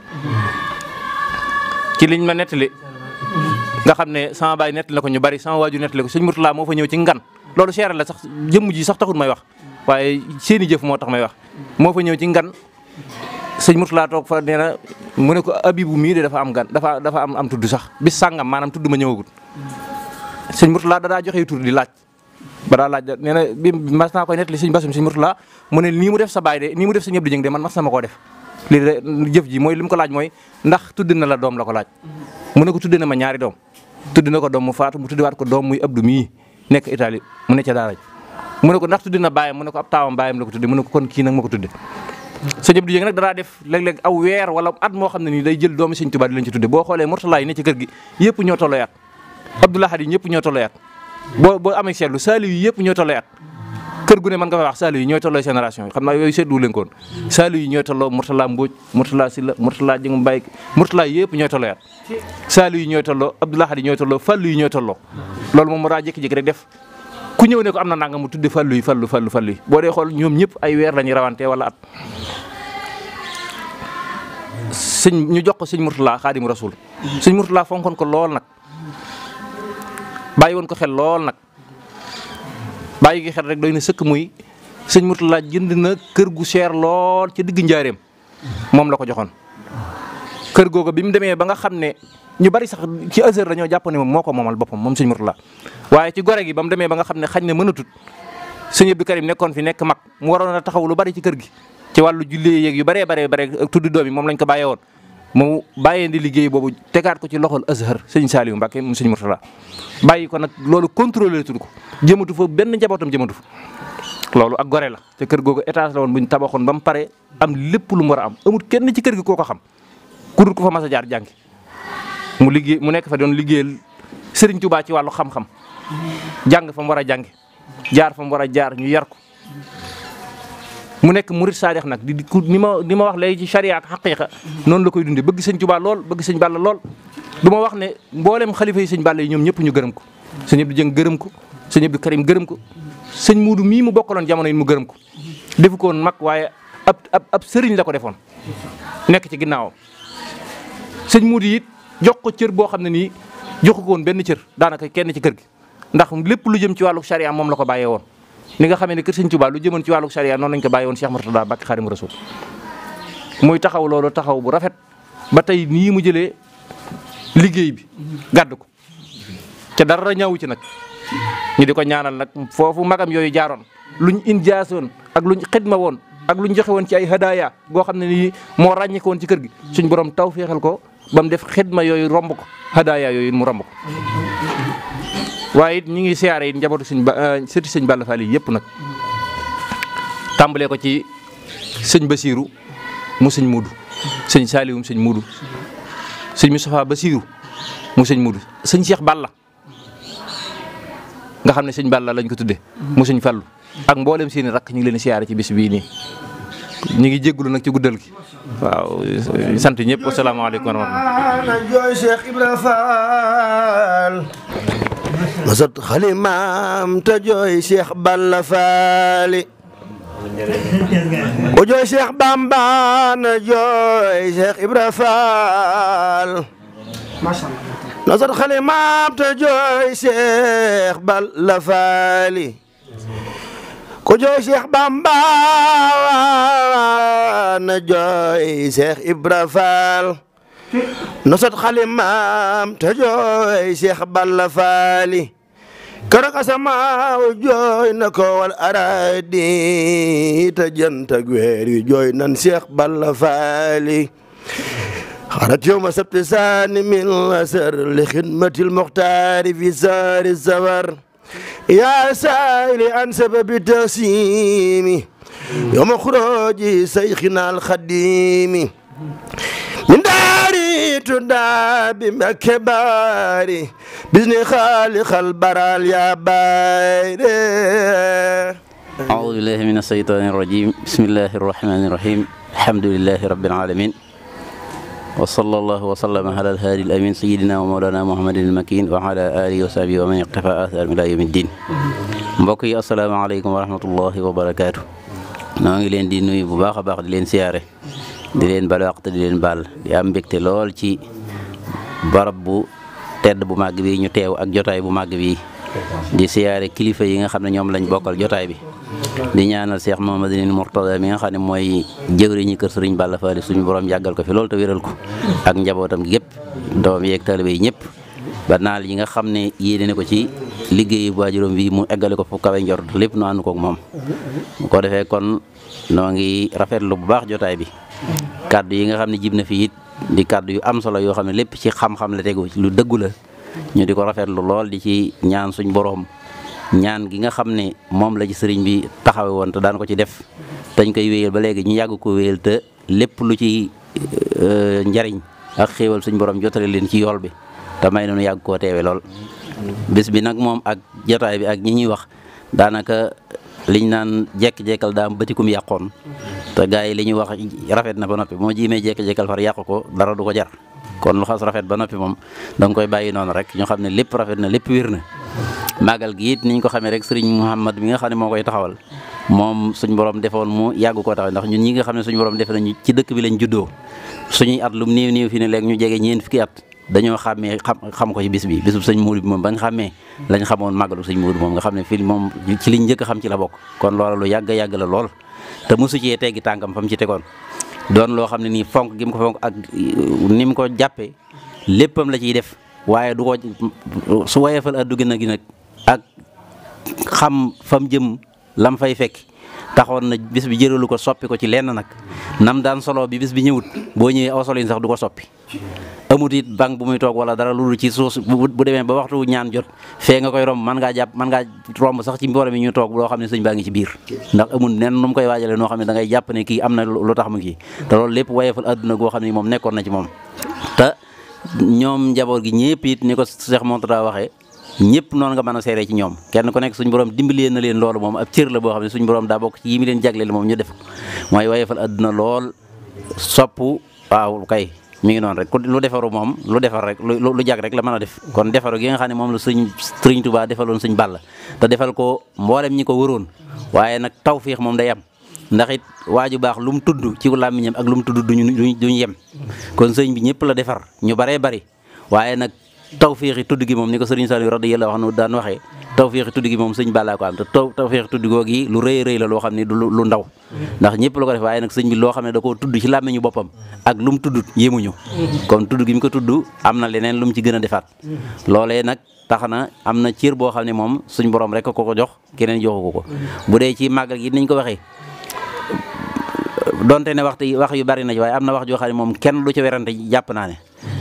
Speaker 2: ci liñ ma netalé nga xamné sama bay net la ko ñu bari sama net la ko señ murtada mo fa ñëw ci ngan lolu séré la sax jëm ji sax taxul may wax waye seeni jëf mo tax may wax mo fa ñëw ci ngan sëñ Mourtala toog fa nee na mu ne ko abibu mii de dafa am gan dafa dafa am am tudd sax bis sàngam maanaam tudd ma ñëwagut sëñ Mourtala dadaa joxe tur di laaj ba daa laaj nee na bi mas naa koy nettali sëñ Bassum sëñ Mourtala mu ne nii mu def sa baay de nii mu def sa ñëpp di jëng de man na ma koo def lii de jëf ji mooy li mu ko laaj mooy ndax tudd na la doom la ko laaj mu ne ko tudd na ma ñaari doom tudd na ko doom mu faatu mu waat ko doom muy Abdou mii nekk Italie mu ne ca daara mu ne ko ndax tudd na baayam mu ne ko ab taawam baayam la ko tudde mu ko kon kii nag ma ko tudde sëñ Abdou Dieng nag danaa def léeg-léeg aw weer wala at moo xam ne nii day jël doomi sëñ Tuubaa di leen ci tudde boo xoolee Murtala yi ne ci kër gi yëpp ñoo ñëpp ñoo tolloo at boo boo amee seetlu Saaliw yi yëpp ñoo tolloo at kër gu ne mën nga fa wax Saaliw yi ñooy tolloo génération yi xam naa yooyu seetlu leen koon Saaliw yi ñooy tolloo Murtala Mbóoj Murtala Silla Murtala Jëng Mbaye Murtala yi yëpp ñooy tolloo at Saaliw yi ñooy tolloo Abdou Lahad yi ñooy tolloo Fàllu yi ñooy tolloo loolu moom mu daa jékki-jékki rek def ku ñëw ne ko am na nangam mu tudde fallu yi fallu fallu fallu yi boo dee xool ñoom ñëpp ay weer la ñuy rawante wala at. sëñ ñu jox ko sëñ Mourtala xaadimu rasul sëñ Mourtala fonkoon ko lool nag bàyyi woon ko xel lool nag bàyyi gi xel rek doy na sëkk muy sëñ Mourtala jënd na kër gu seer lool ci digg njaareem moom la ko joxoon kër googu bi mu demee ba nga xam ne ñu bari sax ci Azhar dañoo jàpp ne moom moo ko moomal boppam moom sëñ Mourtala waaye ci gore gi ba mu demee ba nga xam ne xañ na mënatut sëñ Abdou Karim nekkoon fi nekk mag mu waroon a taxaw lu bari ci kër gi ci wàllu julli yeeg yu bëree bare bare tudd doom yi moom lañ ko bàyyee woon mu bàyyee di liggéey boobu tegaat ko ci loxol Azhar sëñ Saliou Mbacke moom sëñ Mourtala bàyyi ko nag loolu contrôlé tul ko jëmatu fa benn njabootam jamatu fa loolu a gore la te kër googu étage la woon buñ tabaxoon ba mu pare am lépp lu mu a am amul kenn ci kër gi koo ko xam ku dul ko fa a jaar jàngi mu liggéey mu nekk fa doon liggéeyal sëriñ Touba ci wàllu xam-xam jàng fa mu war a jàng jaar fa mu war a jaar ñu yar ko mu nekk murid saadix nag di ku ni ma ni ma wax léegi ci charia ak xaqiqa noonu la koy dundee bëgg sëñ Tuubaa lool bëgg sëñ balla lool du ma wax ne mbooleem xalifa yi sëñ balla yi ñoom ñëpp ñu gërëm ko sëñ Abdou Dieng gërëm ko sëñ Abdou Karim gërëm ko sëñ Muudu mii mu bokkaloon jamono yi mu gërëm ko defu ko woon mag waaye ab sëriñ la ko defoon nekk ci ginnaawam sëñ Muudu it jox ko cër boo xam ne nii jox ko woon benn cër daanaka kenn ci kër gi ndax lépp lu jëm ci wàllu charia moom la ko bàyyee woon ni nga xamee ne kër Sëñ Tuubaa lu jëmoon ci wàllu charia noonu lañ ko bàyyee woon Cheikh Murtada Mbàkke Xaadimu Rasuul taxaw loolu taxaw bu rafet ba tey nii mu jëlee liggéey bi gàdd ko dara ñaawu ci nag ñu di ko ñaanal nag foofu magam yooyu jaaroon luñ injaas woon ak luñ xidma woon ak luñ joxe woon ci ay hadaaya boo xam ne nii moo ràññeekoon ci kër gi suñ borom taw féexal ko ba mu def xidma yooyu romb ko hadaaya yooyu mu romb ko waaye it ñu ngi siyaare it njabootu sëñ ba euh, surtout sëñ Balla Fall yi yëpp nag tàmbalee ko ci sëñ Basiiru mu sëñ Muudu sëñ Saaliwum sëñ Muudu sëñ Moustapha Basiiru mu sëñ Muudu sëñ Cheikh Balla nga xam ne sëñ Balla lañ ko tudde mu sëñ Fallu ak mboolem seeni rakk ñu ngi leen siyaare ci bis bii nii ñu ngi jéggulu na ci guddal gi waaw
Speaker 4: eh, sant ñëpp asalaamaaleykum wa rahmatulah jooy Cheikh Ibra Fall masat jooy Cheikh Balla Faali na jooy Cheikh Ibra Fall ku jooy Cheikh Bamba na jooy Cheikh Ibra Fall no sot xalimaam te jooy Cheikh Balla Faali keroog asamaaw jooy na ko araadi te jant ak weer jooy nan Cheikh Balla Faali xarat yow ma saani min asar li xidmatil muxtaari fi saari sawar يا سائل عن سبب تسيمي يوم خروج سيخنا الخديم من داري تدا بمكباري بزن خالق البرال يا بايري أعوذ
Speaker 3: بالله من الشيطان الرجيم بسم الله الرحمن الرحيم الحمد لله رب العالمين وصلى الله وسلم على الهادي الامين سيدنا ومولانا محمد المكين وعلى اله وصحبه ومن اقتفى اثر الى يوم الدين. مبكي السلام عليكم ورحمه الله وبركاته. نوغي لين دي نوي بو باخا باخ دي لين سياري دي لين بال وقت دي لين بال دي ام بيكتي لول تي برب بو تيد بو ماغ بي ني تيو اك جوتاي بو ماغ بي دي سياري كليفه ييغا خا نيوم لاني بوكال جوتاي بي di ñaanal Cheikh Mouhamadou Mourtada mi nga xam ne mooy jëwriñu kër Serigne Balla Fally suñu borom yàggal ko fi loolu te wéral ko ak njabootam gi yëpp doom yeeg taalibe yi ñëpp ba naal yi nga xam ne yéene ne ko ci liggéeyu waajuram bi mu eggale ko fu kawe njort lépp nu ànd koog moom ko defee kon noo ngi rafetlu bu baax jotaay bi kàddu yi nga xam ne jib na fi it di kàddu yu am solo yoo xam ne lépp ci xam-xam la tegu lu dëggu la ñu di ko rafetlu lool ñaan gi nga xam ne moom la ci sëriñ bi taxawe woon te daan ko ci def dañ koy wéyal ba léegi ñu yàgg ko wéyal te lépp lu ci euh, njariñ ak xéewal suñ borom jotale leen ci yool bi te may nañu yàgg koo teewe lool bis bi nag moom ak jotaay bi ak ñi ñuy wax daanaka liñ naan jekk-jekkal daam bëtikum yàqoon te gars yi li ñuy wax rafet na ba noppi moo jiimee jekk-jekkal far yàq ko dara du ko jar kon lu xas rafet ba noppi moom danga koy bàyyi noonu rek ñu xam ne lépp rafet na lépp wiir na màggal gi it niñ ko xamee rek sëriñ Mouhamad mi nga xam ne moo koy taxawal moom suñ borom defoon mu yàgg koo taxawal ndax ñun ñi nga xam ne suñu borom def lañ juddoo suñuy at lum néew néew fi ne léegi ñu jege ñeent at dañoo xam ko ci bis bi bisub sëñ Muudu bi moom bañ xàmmee lañ xamoon màggalu sëñ Muudu moom nga xam ne fii moom ci liñ njëkk xam ci la bokk kon loola lu yàgg yàgg la lool te mosu cee teggi tànkam fa mu ci tegoon doon loo xam ne nii fonk gi mu ko fonk ak eh, ni mu ko jàppee léppam la ciy waaye du ko su woyefal addu gën a gi nag ak xam fam jëm lam fay fekk taxoon na bis bi jëralu ko soppi ko ci lenn nag nam daan solo bi bis bi ñëwut boo ñëwee aw solo yi sax du ko soppi amut it bang bu muy toog wala dara loolu ci suuf bu demee ba waxtu ñaan jot fee nga koy romb mën ngaa jàpp mën ngaa romb sax ci mbooloo mi ñu toog loo xam ne sëñ baa ngi ci biir ndax amul nen nu mu koy waajalee noo xam ne da jàpp ne kii am na lu tax mu kii te loolu lépp wayefal adduna goo xam ne moom nekkoon na ci moom ñoom njaboot gi ñëpp it ni ko Cheikh Mountakha waxee ñëpp noonu nga mën a seeree ci ñoom kenn ku nekk suñ borom dimbalee na leen loolu moom ab cër la boo xam ne suñu borom daa bokk ci yi mi leen jagleel moom ñu def mooy wayefal àdduna lool sopp waaw kay mi ngi noonu rek lu defaru moom lu defar rek lu lu jag rek la mën a def kon defaru gi nga xam ne moom la sëñ Sëriñ Tuubaa defaloon sëñ Balla te defal ko mboolem ñi ko wëroon waaye nag tawfiix moom day am ndax it waaju baax lu mu tudd ci làmmiñam ak lu mu tudd duñu duñu yem kon sëñ bi ñëpp la defar ñu baree bari waaye nag tawféexi tudd gi moom ni ko sëriñ Saliou radiyallahu anhu daan waxee tawféexi tudd gi moom sëñ Balla ko am te tawféexi tudd googi lu rëy rëy la loo xam ne du lu ndaw ndax ñëpp la ko def waaye nag sëñ bi loo xam ne da koo tudd ci làmmiñu boppam ak lu mu tudd yémuñu kon tudd gi mu ko tudd am na leneen lu mu ci gën a defaat loolee nag tax na am na ciir boo xam ne moom suñ borom rek ko ko jox keneen joxu ko ko bu dee ci màggal gi niñ ko waxee donte ne waxtu wax yu bari na ci waaye am na wax joo xam moom kenn lu ci werante jàpp naa ne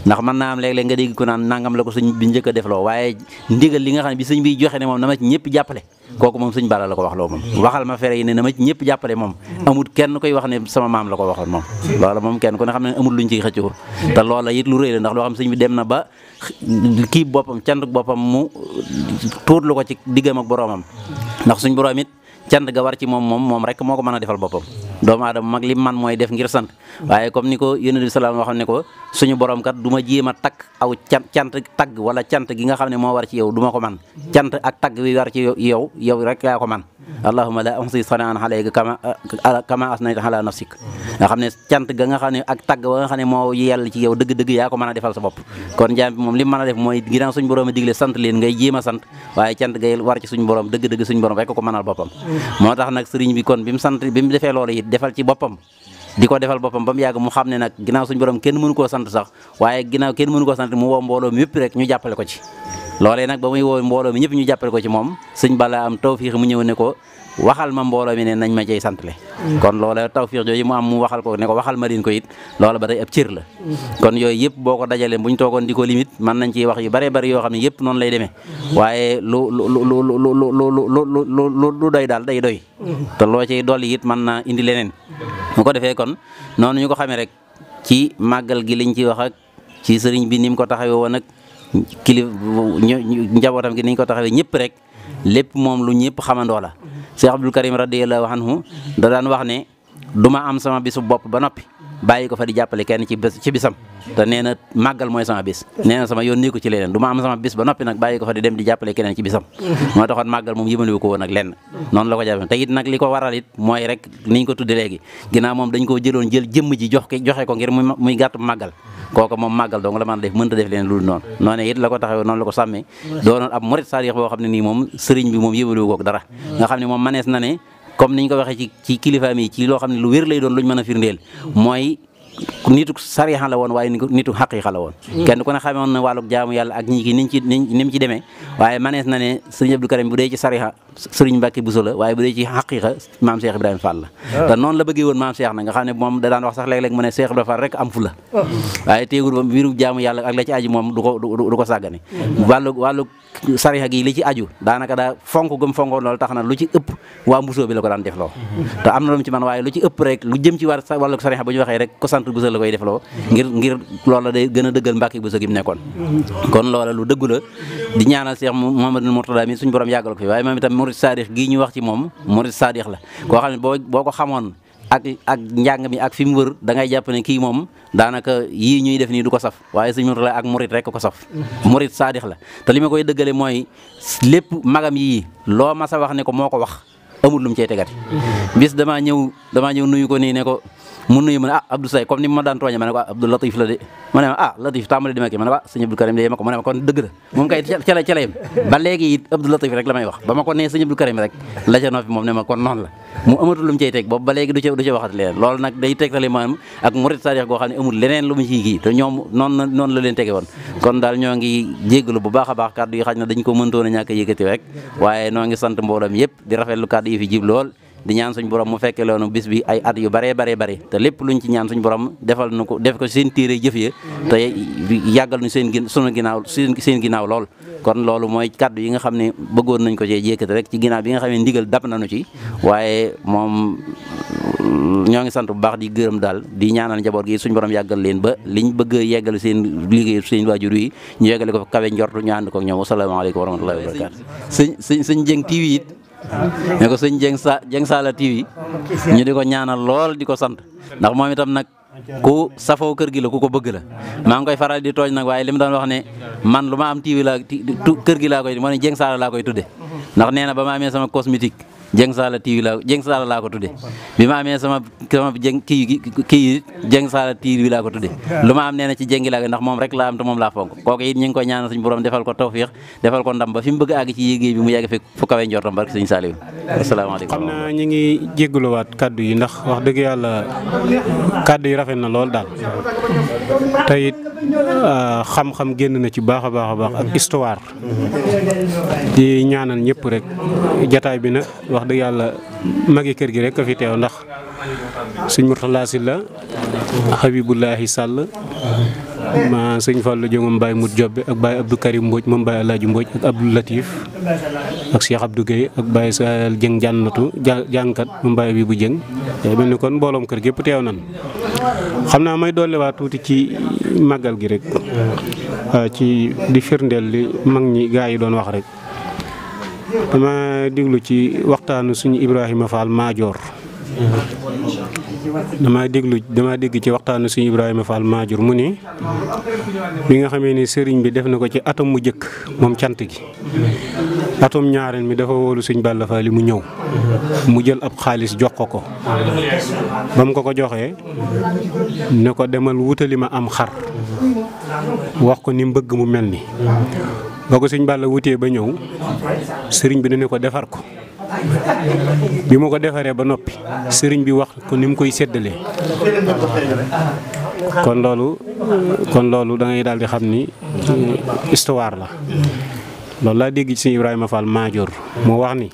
Speaker 3: ndax mën naa am léeg-léeg dégg ko naan nangam la ko sëñ bi njëkk a defloo waaye ndigal li nga xam ne bi sëñ bi joxe ne moom na ma ci ñëpp jàppale kooku moom sëñ Balla la ko wax loo moom waxal ma fere yi ne na ma ci ñëpp jàppale moom amul kenn koy wax ne sama maam la ko waxoon moom loola moom kenn ku ne xam ne amul luñ ciy xëccoo te loola it lu rëy la ndax loo xam sëñ bi dem na ba kii boppam cant boppam lu ko ci diggam ak boroomam ndax suñ boroom it cant ga war ci moom moom moom rek moo ko mën a defal boppam doomu aadama mag li man mooy def ngir sant waaye comme ni ko yonent bi salaam waxoon ne ko suñu borom kat du ma jéem a takk aw cant cant tagg wala cant gi nga xam ne moo war ci yow du ma ko man cant ak tagg wi war ci yow yow rek yaa ko man allahumma la ahsi sanaan alayka kama kama asnayta ala nafsik nga xam ne cant ga nga xam wa nga xam ne moo yell ci yow dëgg-dëgg yaa ko mën a defal sa bopp kon jaam moom li mu a def mooy ginnaaw suñ borom a digle sant leen ngay jéem a sant waaye cant gay war ci suñ borom dëgg-dëgg suñ borom rek ko mënal boppam moo tax nag sëriñ bi kon bi sant bi defee loolu it defal ci boppam di ko defal boppam ba mu mu xam ne nag ginnaaw suñu borom kenn mënu sant sax waaye loolee nag ba muy woo mbooloo mi ñëpp ñu jàppale ko ci moom sëñ Balla am tawfiix mu ñëw ne ko waxal ma mbooloo mi ne nañ ma cey santle kon loola tawfiix jooju mu am mu waxal ko ne ko waxal ma leen ko it loola ba tey ab cër la kon yooyu yëpp boo ko dajalee buñ toogoon di ko limite mën nañ ciy wax yu bëree bëri yoo xam ne yëpp noonu lay demee waaye lu lu lu lu lu lu lu doy daal day doy te loo ciy dolli it mën na indi leneen bu ko defee kon noonu ñu ko xamee rek ci màggal gi liñ ci wax ak ci sëriñ bi ni ko taxawee woon ak kilif njabootam gi niñ ko taxawee ñëpp rek lépp moom lu ñëpp xamandoo la Cheikh Abdul Karim radiyallahu anhu da daan wax ne duma am sama bisu bopp ba noppi bàyyi ko fa di jàppale kenn ci bés sam bisam te nee na màggal mooy sama bis nee na sama yoon nii ko ci leneen du ma am sama bis ba noppi nag bàyyi ko fa di dem di jàppale keneen ci bisam moo taxoon màggal moom yëmaliwu ko woon ak lenn noonu la jàppale te it nag li ko waral mooy rek niñ ko tudde léegi ginnaaw moom dañ koo jëloon jël jëmm ji jox joxe ko ngir muy gàttu màggal kooku moom màggal dong la mën a def mënta def leneen loolu noonu noonu it la la ko sàmmee doonoon ab moom sëriñ bi moom yëmaliwu ko moom manees na ne comme niñ ko waxee ci ci kilifaam yi ci loo xam ne lu wér lay doon luñ mën a firndeel mm-hmm. mooy nitu sariya la woon waaye nitu xaqiiqa la woon mm. kenn ku ne xamoon na wàlluk jaamu yàlla ak ñi ki niñ ci ni mu ci demee waaye manees na ne sëriñ Abdou Karim bu dee ci sariya sëriñ Mbàkke Buso la waaye bu dee ci xaqiiqa maam Cheikh Ibrahima Fall la ah. te noonu la bëggee woon maam Cheikh na nga xam ne moom da daan wax sax léeg-léeg mu ne Cheikh Ibrahima Fall rek am fu oh. waaye téegul ba jaamu yàlla ak la aju moom mm-hmm. daa fonk gëm fonkoon loolu tax na lu ci ëpp waa mbusoo la ko daan def loo mm-hmm. te am Fatou Bousso la koy defloo ngir ngir loola day gën a dëggal Mbàkke Bousso gi mu nekkoon kon loola lu dëggu di ñaanal Cheikh Mouhamadou Mourtada mi suñu borom yàggal ko fi waaye moom itam murid saadix wax ci moom murid saadix la koo xam ne boo boo ko xamoon ak ak njàng mi ak fi mu wër da ngay jàpp ne kii moom daanaka yii ñuy def nii du ko saf waaye suñu la ak murit rek ko saf murit saadix la te li ma koy dëggale mooy lépp magam yii loo mas a wax ne ko moo ko wax amul lu mu cey bis damaa ñëw nuyu ko nii ne ko mun nuyu ma a ah Abdou Say ah, la de ma ne ma ah Latif tàmbali ah, de yema ko ma ne ma kon dëgg la moom kay ca la ca la yem ba léegi it Abdou rek la may wax ba ma ko nee sëñ rek la ca noppi moom ne ma kon noonu la mu amatul lu mu teg boobu ba du ca du ca waxat leneen loolu nag day tegtali ak murit sarix goo xam ne amul leneen lu mu ciy ñoom noonu la leen tege kon daal ñoo ngi jéggalu bu baax a baax kàddu dañ ko mëntoon a ñàkk a yëkkati di ñaan suñu borom mu fekke loonu bis bi ay at yu bare bare bare te lepp luñ ci ñaan suñu borom defal nuko def ko seen tiire jëf ya te yagal ñu seen suñu sunu ginaaw seen ginaaw lool kon loolu moy kaddu yi nga xam bëggoon nañ ko ci jékkati rek ci ginaaw bi nga xam ndigal dab nañu ci waaye mom ñoo ngi sant bu baax di gëreum dal di ñaanal jabor gi suñu borom yagal leen ba liñ bëgg yeggal seen liggéey seen wajur yi ñu yeggale ko kawe njortu ñu ànd ko ñoom wasalaamaaleykum wa rahmatullahi wa barakatu sëñ sëñ sëñ jëng tiwi ne ko sëñ Dieng sa Dieng Saala TV ñu di ko ñaanal lool di ko sant ndax moom itam nag ku safoo kër gi la ku ko bëgg la maa ngi koy faral di tooñ nag waaye li mu doon wax ne man lu ma am TV laa kër gi laa koy moo ne Dieng Saala laa koy tudde ndax nee ba ma amee sama cosmétique jeng sala tv la jeng sala la ko tudde bima amé sama sama jeng ki ki jeng sala tv la ko tudde luma am néna ci jengi la ndax mom rek la am to mom la fonk koku yi ñing ko ñaan suñu borom defal ko tawfiq defal ko ndam ba fimu bëgg ag ci yégué bi mu yag fi fu kawé ndjortam bark señ saliw assalamu alaykum
Speaker 1: xamna ñi ngi jéggulu wat kaddu yi ndax wax dëgg yalla kaddu yi rafet na lool dal tayit ah, xam xam genn na ci baaxa baaxa baax ak histoire di ñaanal ñepp rek jotaay bi na wax deug yalla magi keur gi rek a fi tew ndax seigne Murtala Silla habibullah Sall ma sëñ Fallou Diongam Baye mut jobbe ak Baye Abdou Karim Mbodj mom Baye Alaaji Mbodj ak Abdou Latif ak Cheikh Abdou gay ak Baye sal jeng jannatu jankat mom Baye bi bu jeng day mel ni kon mbooloom kër gépp tew nan xamna may may wa tuuti ci magal gi rek ci di firndel li magni gaay yi doon wax rek dama déglu ci waxtaanu suñu Ibrahima Fall Maajoor dama déglu dama dégg ci waxtaanu suñu Ibrahima Fall Maajoor mu ni bi nga xamee ni sëriñ bi def na ko ci atom mu jëkk moom cant gi atom ñaareel mi dafa wóolu suñ Balla Fall mu ñëw mu jël ab xaalis jox ko ko
Speaker 6: ba mu ko ko joxee
Speaker 1: ne ko demal wutali ma am xar wax ko ni mbëgg mu mel ni bako seigne balla wuté ba ñew serigne bi ne ko défar ko bi mu ko défaré ba nopi serigne bi wax ko nim koy sédalé kon lolu kon lolu da ngay daldi xamni histoire la lolu la dégg ci ibrahima fall major mo wax ni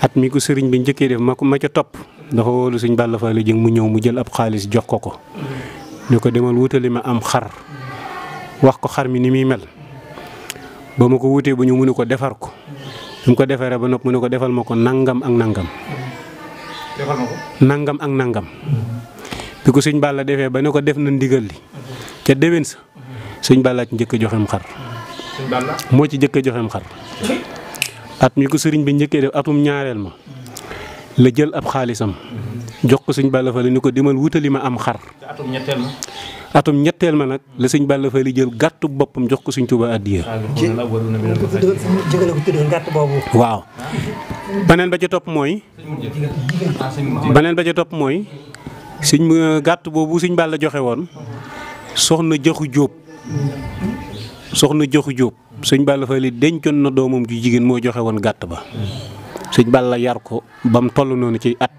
Speaker 1: at mi ko serigne bi ñëkke def mako ma ca top dafa wolu serigne balla fall jeng mu ñew mu jël ab xaaliss jox ko ko ñuko demal wutali ma am xar wax ko xar mi ni mi mel ba ma ko wutee ba ñu mënu ko defar ko su ko defaree ba nopp mu ne ko defal ma ko nangam ak nangam. nangam ak nangam. bi ko sëñ Balla defee ba ne ko def na ndigal li ca déwén sa sëñ Balla ci njëkk a joxem xar. moo ci njëkk a joxem xar. at mi ko sëriñ bi njëkkee def atum ñaareel ma la jël ab xaalisam jox ko suñ Balla fa la ni ko demal wutali ma am xar. atum ñetteel ma nag la sëñ Balla li jël gàttu boppam jox ko sëñ Tuubaa addiya waaw beneen ba ca topp mooy beneen ba topp mooy sëñ gàtt boobu suñ Balla joxe woon soxna joxu jóob soxna joxu jóob sëñ Balla Fally dencoon na doomam ju jigéen moo joxe woon gàtt ba sëñ Balla yar ko ba mu toll noonu ci at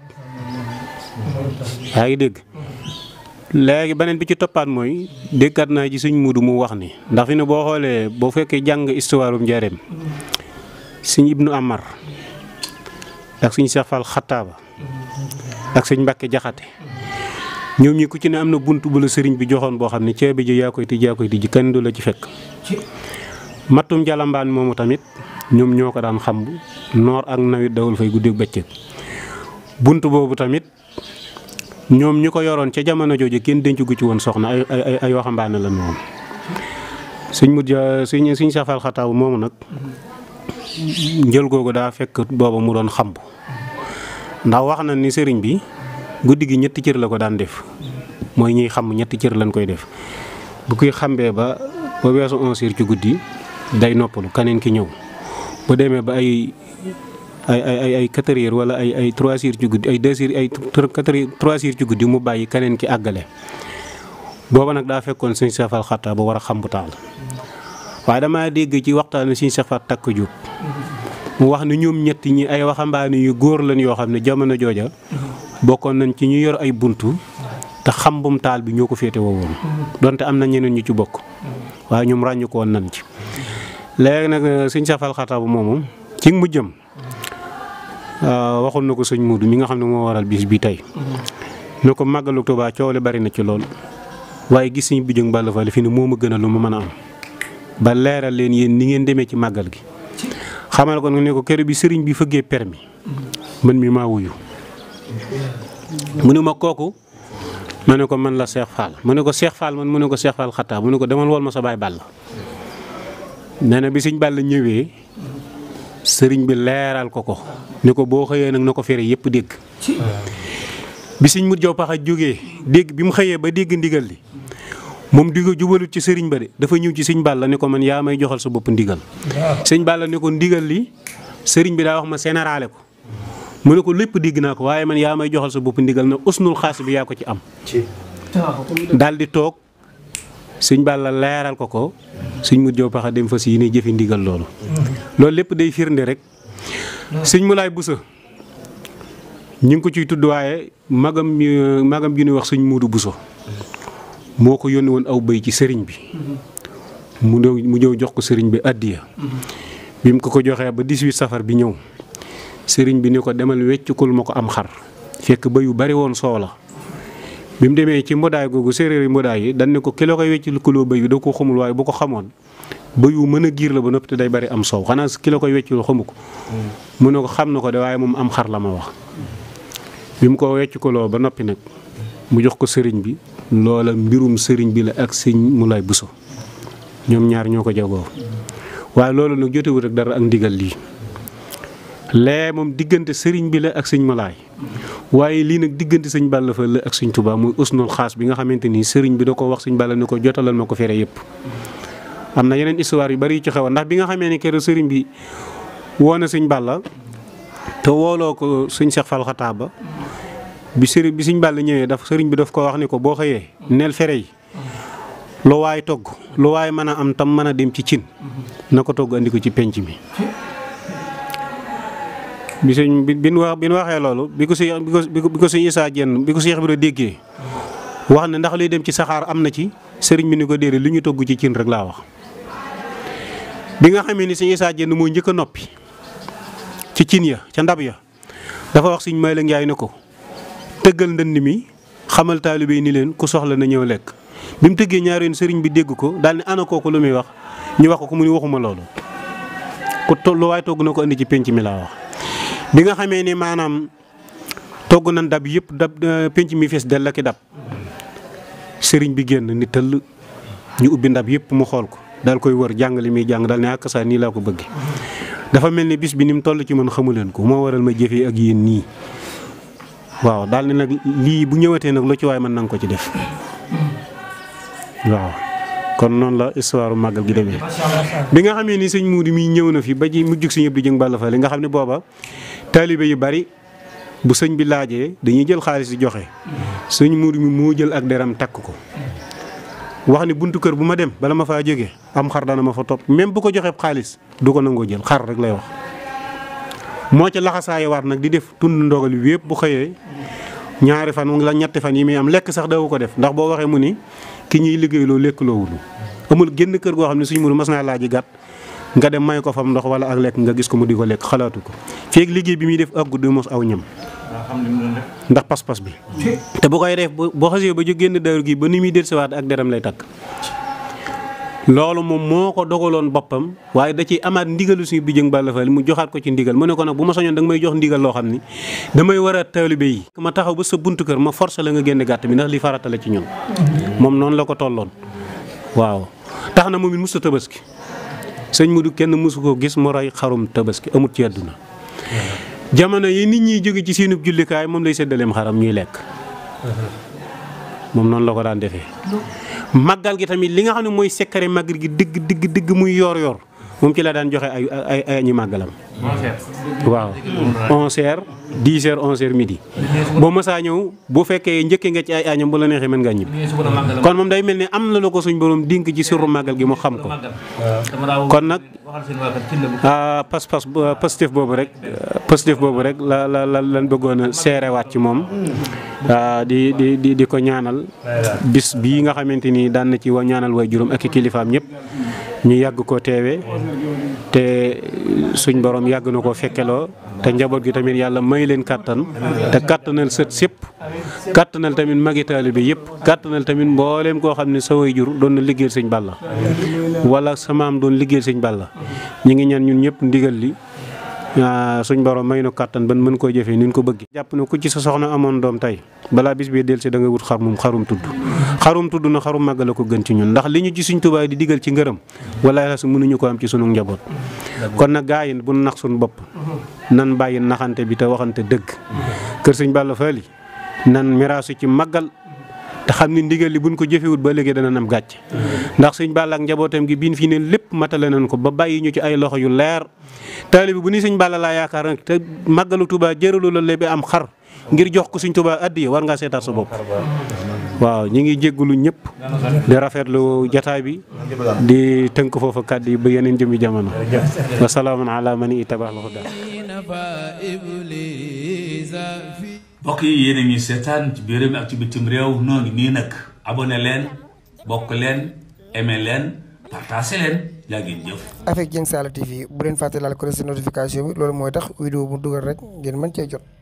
Speaker 1: yaa ngi dégg léegi beneen bi ci toppaat mooy déggaat naa ji suñ mudu mu wax ni ndax fi ne boo xoolee boo fekkee jàng histoire um njaareem suñ ibnu amar ak suñ Cheikh Fall xattaaba ak suñ Mbàkke jaxate ñoom ñi ku ci ne am na bunt bu la sëriñ bi joxoon boo xam ne ceebe ji yaa koy tijji yaa koy tijji kenn du la ci fekk mattum jalambaan moomu tamit ñoom ñoo ko daan xam noor ak nawet dawul fay guddi bëccëg bunt boobu tamit ñom ñuko yoron ci jamono joju jooju dencu gu ci won soxna ay ay ay waxambaane la moom señ mudja señ señ safal khataw mom nak njël gogo da fekk bobu mu doon xam ndax wax na ni señ bi guddi gi ñetti ciir la ko daan def moy ñi xam ñetti ciir lañ koy def bu koy xambe ba ba wessu 11 ci guddi day noppalu kanen ki ñew bu deme ba ay ay ay ay quatre heures wala ay ay ci guddi ay deux ay quatre heures trois heures ci guddi mu bàyyi keneen ki àggale booba nag daa fekkoon suñ safal xataa bu war a xam bu taal waaye dama dégg ci waxtaanu suñ safal takk jub mu wax ne ñoom ñett ñi ay waxambaane yu góor lañ yoo xam ne jamono jooja bokkoon nañ ci ñu yor ay bunt te xambum taal bi ñoo ko féete woo woon donte am na ñeneen ñu ci bokk waaye ñoom ràññu ko woon nañ ci léegi nag suñ safal xataa bu moomu ci mujjam Euh, waxoon na ko suñ Modou mi nga xam ne moo waral bis bi tey. ne ko màggalu Tuubaa coow li bari na ci lool waaye gis nañ bu jëng Balla Fall fi ne moo ma gën a lu ma mën a am ba leeral leen yéen ni ngeen demee ci màggal gi. xamal ko ne ko kër bi sëriñ bi fëggee permis man mii maa wuyu mu ne ma kooku ma ne ko man la Cheikh Fall mu ne ko Cheikh Fall man mu ne ko Cheikh Fall xataa mu ne ko demal wol ma sa baay Balla nee bi sëñ Balla ñëwee. sëriñ bi leeral ko ko ni ko boo xëyee nag na ko fere yëpp dégg bi sëñ mut jow paxa jógee dégg bi mu xëyee ba dégg ndigal li moom digg jubalut ci sëriñ ba de dafa ñëw ci sëñ Balla ni ko man yaa may joxal sa bopp ndigal sëñ Balla ni ko ndigal li sëriñ bi daa wax ma sénéraale ko mu ne ko lépp digg naa ko waaye man yaa may joxal sa bopp ndigal na usnul xaas bi yaa ko ci am ah, daal di toog sëñ Balla leeral ko ko suñ mu joo paxa dem fas yéene jëfi ndigal loolu loolu lépp day firnde rek suñ mu laay busa ñu ngi ko ciy tudd waaye magam magam gi ñuy wax suñ muudu buso moo ko yónni aw béy ci sëriñ bi mu ñëw mu ñëw jox ko sëriñ bi addiya bi mu ko ko joxee ba 18 safar bi ñëw sëriñ bi ni ko demal weccukul ma ko am xar fekk ba yu bari woon soow la bi mu demee ci mbodaay googu séeréer yi mbodaay yi dañ ne ko kilo la koy weccil kuloo bëy da ko xamul waaye bu ko xamoon bëy wu mën a giir la ba noppi te day bari am soow xanaa kilo la koy weccul xamu ko mu ne ko xam na ko de waaye moom am xar la ma wax ko wecc kuloo ba noppi nag mu jox ko sëriñ bi loola mbirum sëriñ bi la ak sëñ mu lay buso ñoom ñaar ñoo ko jagoo waaye loolu nag jotewut ak dara ak ndigal lii lee moom diggante sëriñ bi la ak sëñ malaay waaye lii nag diggante suñ Balla Fall la ak sëñ Touba muy usnul xaas bi nga xamante ni sëriñ bi da ko wax sëñ Balla ni ko jotalal ma ko fere yëpp. na yeneen histoire yu bari yu ci xew nga xamee ne keroog sëriñ bi woo na sëñ te wooloo ko sëñ Cheikh Fall Xataaba bi bi sëñ Balla ñëwee daf sëriñ bi daf ko wax ni ko boo xëyee neel fere yi. lu waay togg lu waay mën a am tam mën a dem ci cin na ko togg andi ko ci penc mi bi suñ bi nu wax bi nu waxee loolu bi ko suñ bi ko suñ Issa Diène bi ko Seex Ibra déggee wax ne ndax luy dem ci saxaar am na ci sëriñ bi ni ko déedéet lu ñu togg ci cin rek laa wax. bi nga xamee ni suñ Issa Diène mooy njëkk a noppi ci cin ya ca ndab ya dafa wax suñ Mayla Njaay ne ko tëggal ndënd mi xamal taalibe yi ni leen ku soxla na ñëw lekk bi mu tëggee ñaari yoon sëriñ bi dégg ko daal ne ana kooku lu muy wax ñu wax ko ku mu ni waxuma loolu ku lu waaye togg na ko indi ci penc mi laa wax. bi nga xamé ni manam togg nañ dab yépp eh, dab penc mi del la ki dab sëriñ bi genn ni teul ñu ubbi ndab yépp mu xol ko dal koy wër li ne ak sa ni la ko bëgg dafa melni bis bi nim mu toll ci man xamu leen ko mo waral ma jëfé ak yeen ni waaw dal ne nag li bu ñëwatee nak lu ci way man nang ko ci def waaw kon non la histoire magal gi demé bi nga xamé ni sëñ Muudu mi ñëw na fi ba ji juk sëñ Abdu Jëng Balla fa li nga ne talibé yu bari bu señ bi laajee dañuy jël xaaliss di joxe sëñ muur mi jël ak deram tak ko wax ni buntu kër buma dem bala ma faa joggé am xar dana ma fa top même bu ko joxé xaaliss du ko nango jël xar rek lay wax mo ci laxasaay war nak di def tund ndogal wi bu xeyé ñaari fan la ñatt fan yi mi am lek sax dawu ko def ndax bo waxé mu ni ki ñuy lek lo wul amul genn kër go xamni señ mourou muru laaji gatt nga dem may ko fam ndox wala ak lek nga gis ko mu di ko lekk xalaatu ko feeg bi mi def du mos aw ñam ndax pas pass bi te bu koy def bo xasse ba ju genn deur gi ba ni ci wat ak deram lay tak lolu mom moko dogalon bopam waye da ci amat ndigalu suñu bi jëng bàlla mu joxat ko ci ndigal mu ne ko nak buma soñon dag may jox ndigal lo xamni damay wara talibe yi ma taxaw ba sa buntu keur ma force la nga genn gatt bi ndax li farata la ci ñun mom non la ko tollon waaw taxna momin musta tabaski sëñ Modou kenn mësu ko gis mu rey xarum tabaski amut ci àdduna jamono yi nit ñiy jóge ci seenub jullikaay moom lay séddaleem xaram ñuy lekk moom noonu la ko daan defee màggal gi tamit li nga xam ne mooy sekkare màggal gi digg digg digg muy yoor yoor mom ci la daan joxe ay ay ay añu màggalam. waaw 11h 10h 11h midi. boo mësaa ñew bu fekke njëkkee nga ci ay añam bu la neexee man nga ñib kon mom day melni am na lu ko borom dink ci sirru magal gi mu xam ko. kon ah pas-pas positif bobu rek positif bobu rek la la la lan bëggoon a seerewaat ci mom mm. ah, di di di di ko ñaanal bis bi nga xamanteni daan ci wa ñaanal way juróom ak kilifaam ñep ñu yàgg ko teewe te suñ borom yàgg na ko fekkeloo te njaboot gi tamit yàlla may leen kàttan te kàttanal sët sépp kàttanal tamit magi bi yëpp kàttanal tamit mbooleem koo xam ne sa waajur doon na liggéeyal sëñ Balla wala sa maam doon liggéeyal sëñ Balla ñu ngi ñaan ñun ñëpp ndigal li Ah, suñ borom may nu kàttan ban mën koo jëfee ni ko bëgg jàpp na ku ci sa soxna amoon doom tey balaa bis bi del si da nga wut xar mum xarum tudd xarum tudd na xarum màgg a ko gën ci ñun ndax li ñu ci suñ tubaay di digal ci ngërëm wala su mënuñu ko am ci sunu njaboot kon nag gaa bu nax suñ bopp nan bàyyi naxante bi te waxante dëgg kër sëñ Balla Faali nan miraasu ci màggal te xamni ndigal li buñ ko jëfewul ba légui dana nam gatch ndax seigne Balla ak njabotam gi biñ fi ne mata matale ko ba bayyi ñu ci ay loxo yu leer talib bu ni seigne Balla la yaakar nak te magalu la lebe am xar ngir jox ko seigne Tuubaa addi war nga seetaat sa bop waaw ñi ngi jéggulu ñëpp di rafetlu jotaay bi di teunk fofu kàddu yi yeneen jëmi jamono wa salaamun ala man huda
Speaker 2: mbokk yi yéen a ngi seetaan ci biir mi ak ci bitim réew noo ngi nii nag abone leen bokk leen aimé leen partagé leen jaa ngeen jëf.
Speaker 1: avec Saala TV bu leen fàtte laal ko si notification loolu mooy tax vidéo bu dugal rek ngeen man cee jot.